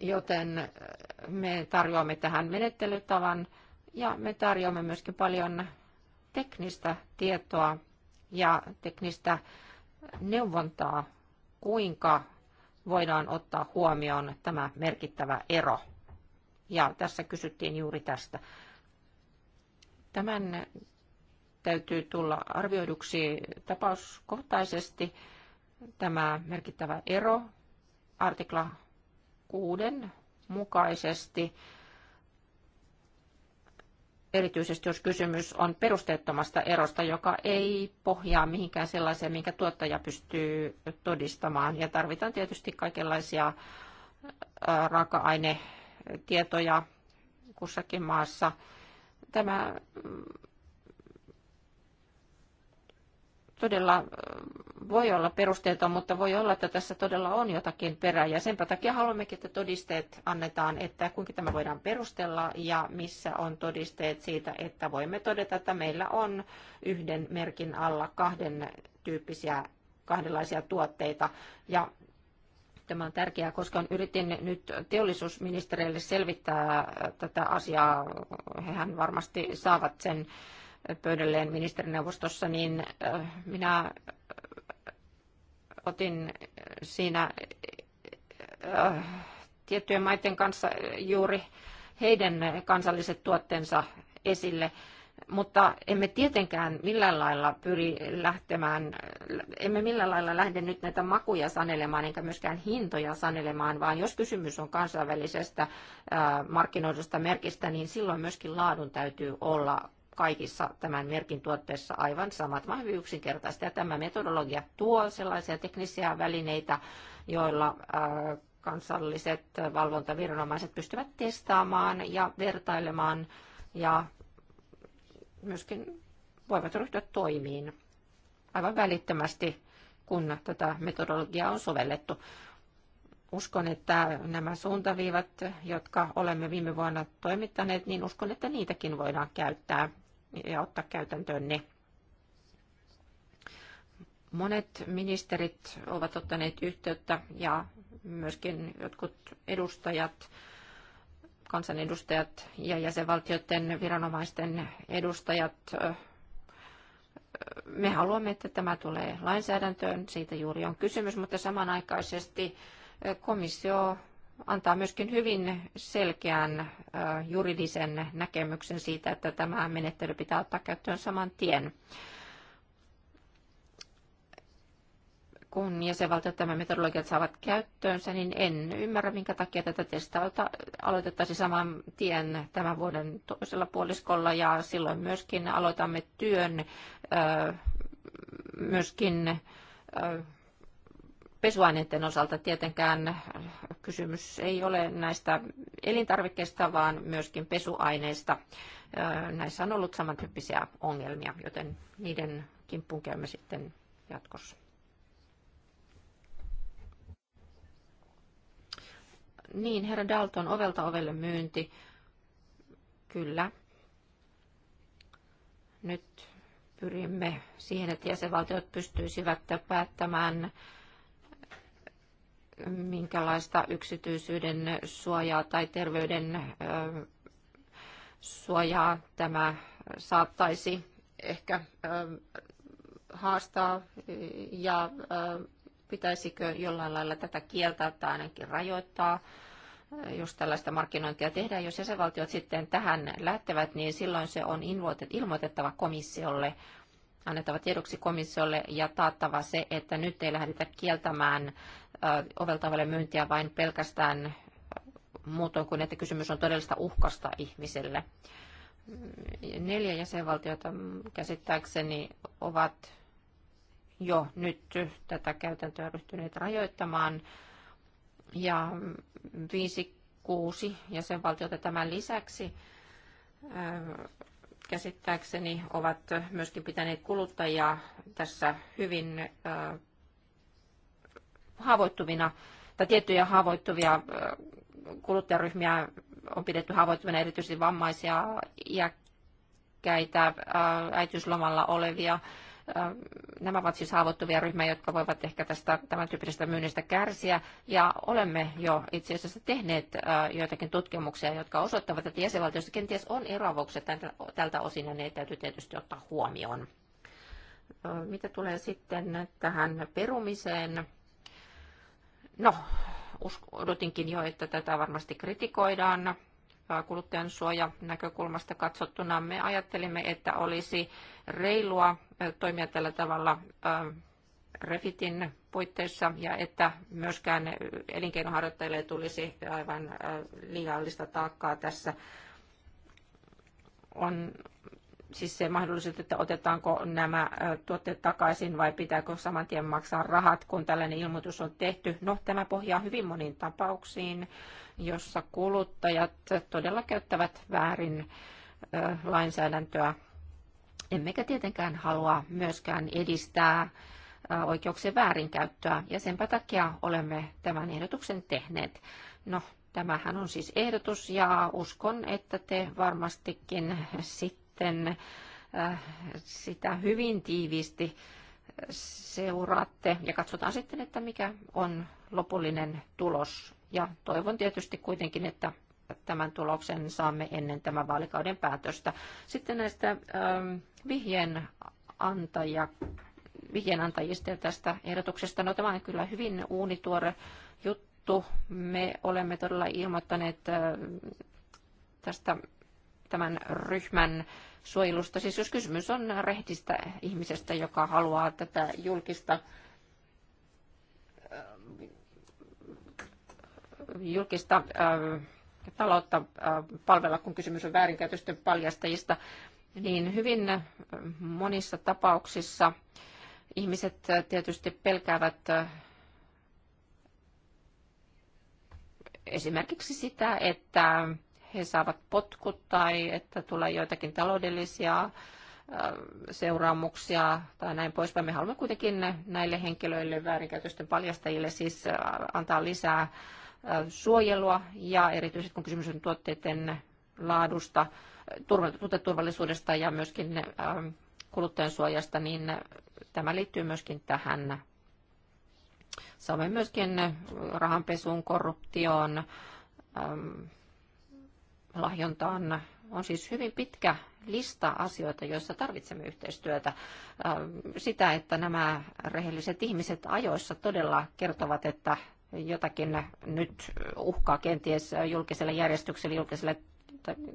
Joten äh, me tarjoamme tähän menettelytavan ja me tarjoamme myöskin paljon teknistä tietoa ja teknistä neuvontaa, kuinka voidaan ottaa huomioon tämä merkittävä ero. Ja tässä kysyttiin juuri tästä. Tämän täytyy tulla arvioiduksi tapauskohtaisesti tämä merkittävä ero artikla 6 mukaisesti erityisesti jos kysymys on perusteettomasta erosta, joka ei pohjaa mihinkään sellaiseen, minkä tuottaja pystyy todistamaan. Ja tarvitaan tietysti kaikenlaisia raaka-ainetietoja kussakin maassa. Tämä todella voi olla perusteeton, mutta voi olla, että tässä todella on jotakin perää. Ja sen takia haluammekin, että todisteet annetaan, että kuinka tämä voidaan perustella ja missä on todisteet siitä, että voimme todeta, että meillä on yhden merkin alla kahden tyyppisiä kahdenlaisia tuotteita. Ja tämä on tärkeää, koska yritin nyt teollisuusministeriölle selvittää tätä asiaa. Hehän varmasti saavat sen pöydälleen ministerineuvostossa, niin äh, minä äh, otin siinä äh, tiettyjen maiden kanssa juuri heidän kansalliset tuotteensa esille, mutta emme tietenkään millään lailla pyri lähtemään, emme millään lailla lähde nyt näitä makuja sanelemaan, enkä myöskään hintoja sanelemaan, vaan jos kysymys on kansainvälisestä markkinoidusta merkistä, niin silloin myöskin laadun täytyy olla kaikissa tämän merkin tuotteissa aivan samat, vaan hyvin yksinkertaista. Ja tämä metodologia tuo sellaisia teknisiä välineitä, joilla kansalliset valvontaviranomaiset pystyvät testaamaan ja vertailemaan ja myöskin voivat ryhtyä toimiin aivan välittömästi, kun tätä metodologiaa on sovellettu. Uskon, että nämä suuntaviivat, jotka olemme viime vuonna toimittaneet, niin uskon, että niitäkin voidaan käyttää ja ottaa käytäntöön ne. Monet ministerit ovat ottaneet yhteyttä ja myöskin jotkut edustajat, kansanedustajat ja jäsenvaltioiden viranomaisten edustajat me haluamme, että tämä tulee lainsäädäntöön, siitä juuri on kysymys, mutta samanaikaisesti komissio antaa myöskin hyvin selkeän juridisen näkemyksen siitä, että tämä menettely pitää ottaa käyttöön saman tien. kun jäsenvaltiot tämän metodologiat saavat käyttöönsä, niin en ymmärrä, minkä takia tätä testauta aloitettaisiin saman tien tämän vuoden toisella puoliskolla ja silloin myöskin aloitamme työn myöskin pesuaineiden osalta tietenkään kysymys ei ole näistä elintarvikkeista, vaan myöskin pesuaineista. Näissä on ollut samantyyppisiä ongelmia, joten niiden kimppuun käymme sitten jatkossa. Niin, herra Dalton, ovelta ovelle myynti. Kyllä. Nyt pyrimme siihen, että jäsenvaltiot pystyisivät päättämään minkälaista yksityisyyden suojaa tai terveyden suojaa tämä saattaisi ehkä haastaa ja pitäisikö jollain lailla tätä kieltää tai ainakin rajoittaa jos tällaista markkinointia tehdään, jos jäsenvaltiot sitten tähän lähtevät, niin silloin se on ilmoitettava komissiolle annettava tiedoksi komissiolle ja taattava se, että nyt ei lähdetä kieltämään oveltavalle myyntiä vain pelkästään muutoin kuin, että kysymys on todellista uhkasta ihmiselle. Neljä jäsenvaltiota mm, käsittääkseni ovat jo nyt tätä käytäntöä ryhtyneet rajoittamaan ja mm, viisi, kuusi jäsenvaltiota tämän lisäksi käsittääkseni ovat myöskin pitäneet kuluttajia tässä hyvin haavoittuvina, tai tiettyjä haavoittuvia kuluttajaryhmiä on pidetty haavoittuvina, erityisesti vammaisia, iäkkäitä, äitiyslomalla olevia, Nämä ovat siis haavoittuvia ryhmiä, jotka voivat ehkä tästä tämän tyyppisestä myynnistä kärsiä. Ja olemme jo itse asiassa tehneet joitakin tutkimuksia, jotka osoittavat, että jäsenvaltioissa kenties on eroavuuksia tältä osin, ja ne täytyy tietysti ottaa huomioon. Mitä tulee sitten tähän perumiseen? No, odotinkin jo, että tätä varmasti kritikoidaan Äh, kuluttajan suoja näkökulmasta katsottuna. Me ajattelimme, että olisi reilua äh, toimia tällä tavalla äh, Refitin puitteissa ja että myöskään elinkeinoharjoittajille tulisi aivan liiallista taakkaa tässä. On siis se mahdollisuus, että otetaanko nämä tuotteet takaisin vai pitääkö saman tien maksaa rahat, kun tällainen ilmoitus on tehty. No, tämä pohjaa hyvin moniin tapauksiin, jossa kuluttajat todella käyttävät väärin lainsäädäntöä. Emmekä tietenkään halua myöskään edistää oikeuksien väärinkäyttöä, ja senpä takia olemme tämän ehdotuksen tehneet. No, tämähän on siis ehdotus, ja uskon, että te varmastikin sitten sitten äh, sitä hyvin tiiviisti seuraatte ja katsotaan sitten, että mikä on lopullinen tulos. Ja toivon tietysti kuitenkin, että tämän tuloksen saamme ennen tämän vaalikauden päätöstä. Sitten näistä ähm, vihjeen antajia, vihjeenantajista ja tästä ehdotuksesta. No tämä on kyllä hyvin uunituore juttu. Me olemme todella ilmoittaneet äh, tästä tämän ryhmän suojelusta. Siis jos kysymys on rehdistä ihmisestä, joka haluaa tätä julkista äh, julkista äh, taloutta äh, palvella, kun kysymys on väärinkäytösten paljastajista, niin hyvin monissa tapauksissa ihmiset tietysti pelkäävät äh, esimerkiksi sitä, että he saavat potkut tai että tulee joitakin taloudellisia äh, seuraamuksia tai näin poispäin. Me haluamme kuitenkin näille henkilöille, väärinkäytösten paljastajille siis äh, antaa lisää äh, suojelua ja erityisesti kun kysymys on tuotteiden laadusta, tuoteturvallisuudesta ja myöskin kuluttajan suojasta, niin tämä liittyy myöskin tähän. Samoin myöskin rahanpesuun, korruptioon, ähm, lahjontaan. On siis hyvin pitkä lista asioita, joissa tarvitsemme yhteistyötä. Äh, sitä, että nämä rehelliset ihmiset ajoissa todella kertovat, että jotakin nyt uhkaa kenties julkiselle järjestykselle, julkiselle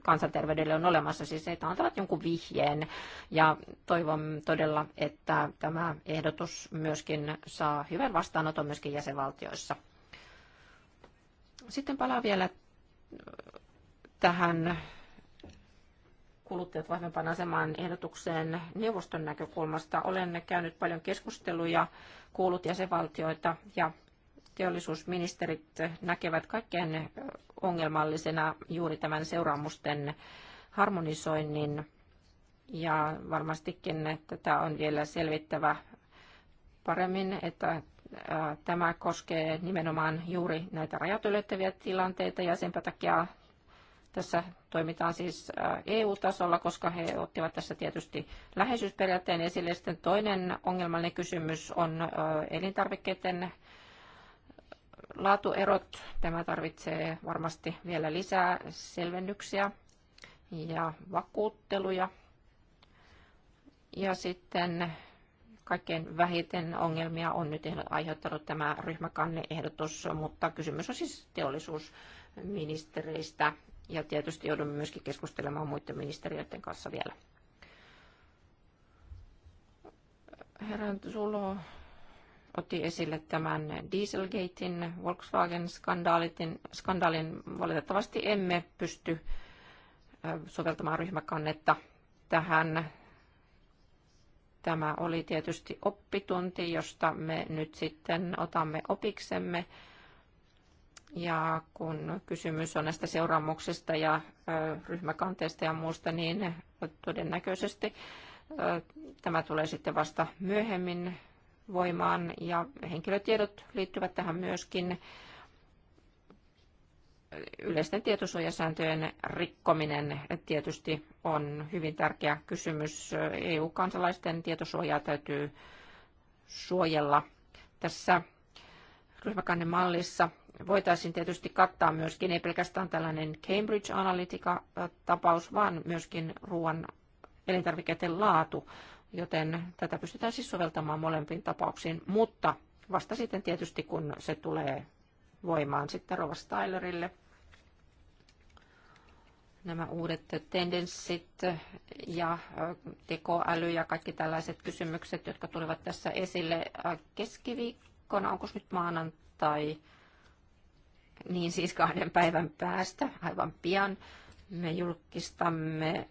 kansanterveydelle on olemassa, siis että antavat jonkun vihjeen. Ja toivon todella, että tämä ehdotus myöskin saa hyvän vastaanoton myöskin jäsenvaltioissa. Sitten palaan vielä tähän kuluttajat vahvempaan asemaan ehdotukseen neuvoston näkökulmasta. Olen käynyt paljon keskusteluja, kuullut jäsenvaltioita ja teollisuusministerit näkevät kaikkein ongelmallisena juuri tämän seuraamusten harmonisoinnin. Ja varmastikin tätä on vielä selvittävä paremmin, että äh, tämä koskee nimenomaan juuri näitä rajat ylittäviä tilanteita ja sen takia tässä toimitaan siis äh, EU-tasolla, koska he ottivat tässä tietysti läheisyysperiaatteen esille. Sitten toinen ongelmallinen kysymys on äh, elintarvikkeiden laatuerot. Tämä tarvitsee varmasti vielä lisää selvennyksiä ja vakuutteluja. Ja sitten kaikkein vähiten ongelmia on nyt aiheuttanut tämä ryhmäkanneehdotus, mutta kysymys on siis teollisuusministereistä ja tietysti joudumme myöskin keskustelemaan muiden ministeriöiden kanssa vielä. Herra Zulo otti esille tämän Dieselgatein, Volkswagen-skandaalin. Valitettavasti emme pysty soveltamaan ryhmäkannetta tähän. Tämä oli tietysti oppitunti, josta me nyt sitten otamme opiksemme ja kun kysymys on näistä seuraamuksista ja ryhmäkanteesta ja muusta, niin todennäköisesti tämä tulee sitten vasta myöhemmin voimaan ja henkilötiedot liittyvät tähän myöskin. Yleisten tietosuojasääntöjen rikkominen tietysti on hyvin tärkeä kysymys. EU-kansalaisten tietosuojaa täytyy suojella. Tässä ryhmäkannemallissa voitaisiin tietysti kattaa myöskin ei pelkästään tällainen Cambridge Analytica-tapaus, vaan myöskin ruoan elintarvikkeiden laatu, joten tätä pystytään siis soveltamaan molempiin tapauksiin, mutta vasta sitten tietysti kun se tulee voimaan sitten Rova Stylerille. Nämä uudet tendenssit ja äh, tekoäly ja kaikki tällaiset kysymykset, jotka tulivat tässä esille äh, keskiviikko viikkona, onko nyt maanantai, niin siis kahden päivän päästä aivan pian me julkistamme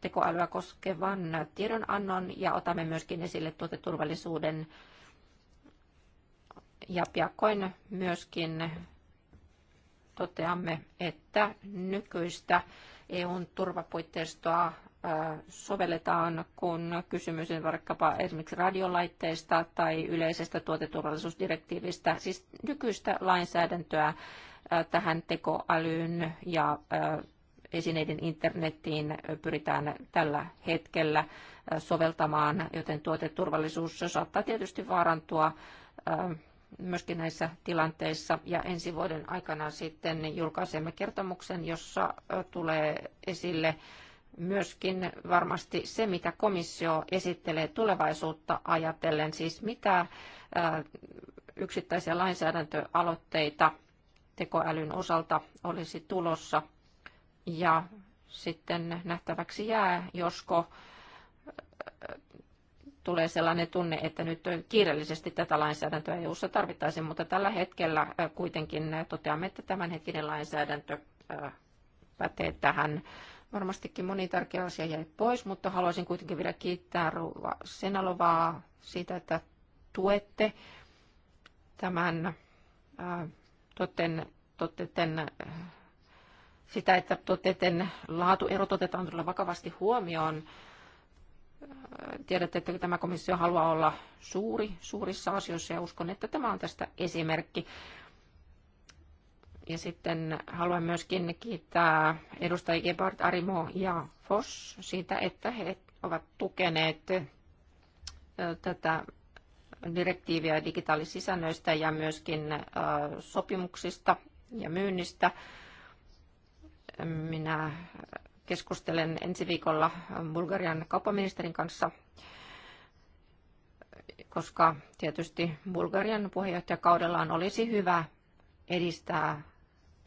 tekoälyä koskevan tiedonannon ja otamme myöskin esille tuoteturvallisuuden ja piakkoin myöskin toteamme, että nykyistä EUn turvapuitteistoa sovelletaan, kun kysymys on vaikkapa esimerkiksi radiolaitteista tai yleisestä tuoteturvallisuusdirektiivistä, siis nykyistä lainsäädäntöä tähän tekoälyyn ja esineiden internettiin pyritään tällä hetkellä soveltamaan, joten tuoteturvallisuus saattaa tietysti vaarantua myöskin näissä tilanteissa. Ja ensi vuoden aikana sitten julkaisemme kertomuksen, jossa tulee esille myöskin varmasti se, mitä komissio esittelee tulevaisuutta ajatellen, siis mitä äh, yksittäisiä lainsäädäntöaloitteita tekoälyn osalta olisi tulossa. Ja sitten nähtäväksi jää, josko äh, tulee sellainen tunne, että nyt kiireellisesti tätä lainsäädäntöä EU-ssa tarvittaisiin, mutta tällä hetkellä äh, kuitenkin toteamme, että tämänhetkinen lainsäädäntö pätee tähän Varmastikin moni tärkeä asia jäi pois, mutta haluaisin kuitenkin vielä kiittää Rouva Senalovaa siitä, että tuette tämän äh, toten, toteten, äh, sitä, että toteten laatuerot otetaan todella vakavasti huomioon. Äh, tiedätte, että tämä komissio haluaa olla suuri suurissa asioissa ja uskon, että tämä on tästä esimerkki. Ja sitten haluan myöskin kiittää edustajia Gebhardt, Arimo ja Foss siitä, että he ovat tukeneet tätä direktiiviä digitaalisisännöistä ja myöskin sopimuksista ja myynnistä. Minä keskustelen ensi viikolla Bulgarian kauppaministerin kanssa, koska tietysti Bulgarian puheenjohtajakaudellaan olisi hyvä edistää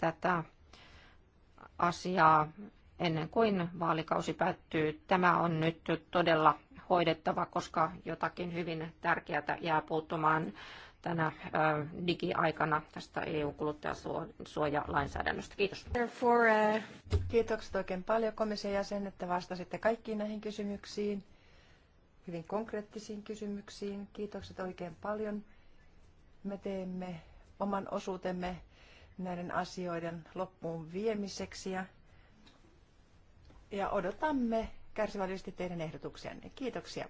tätä asiaa ennen kuin vaalikausi päättyy. Tämä on nyt todella hoidettava, koska jotakin hyvin tärkeää jää puuttumaan tänä digiaikana tästä EU-kuluttajasuojalainsäädännöstä. Kiitos. Uh, Kiitokset oikein paljon komission jäsen, että vastasitte kaikkiin näihin kysymyksiin, hyvin konkreettisiin kysymyksiin. Kiitokset oikein paljon. Me teemme oman osuutemme näiden asioiden loppuun viemiseksi ja, ja odotamme kärsivällisesti teidän ehdotuksianne. Kiitoksia.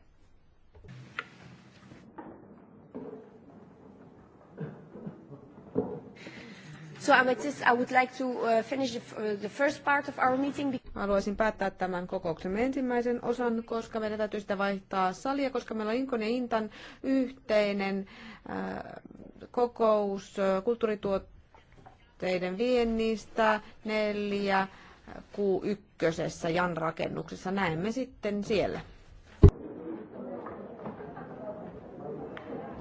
So Amethyst, I would like to uh, finish uh, the first part of our meeting. Haluaisin päättää tämän kokouksen ensimmäisen osan, koska meidän täytyy sitä vaihtaa salia, koska meillä on Inkon ja Intan yhteinen äh, kokous äh, kulttuurituot tuotteiden viennistä neljä Q1 Jan rakennuksessa. Näemme sitten siellä.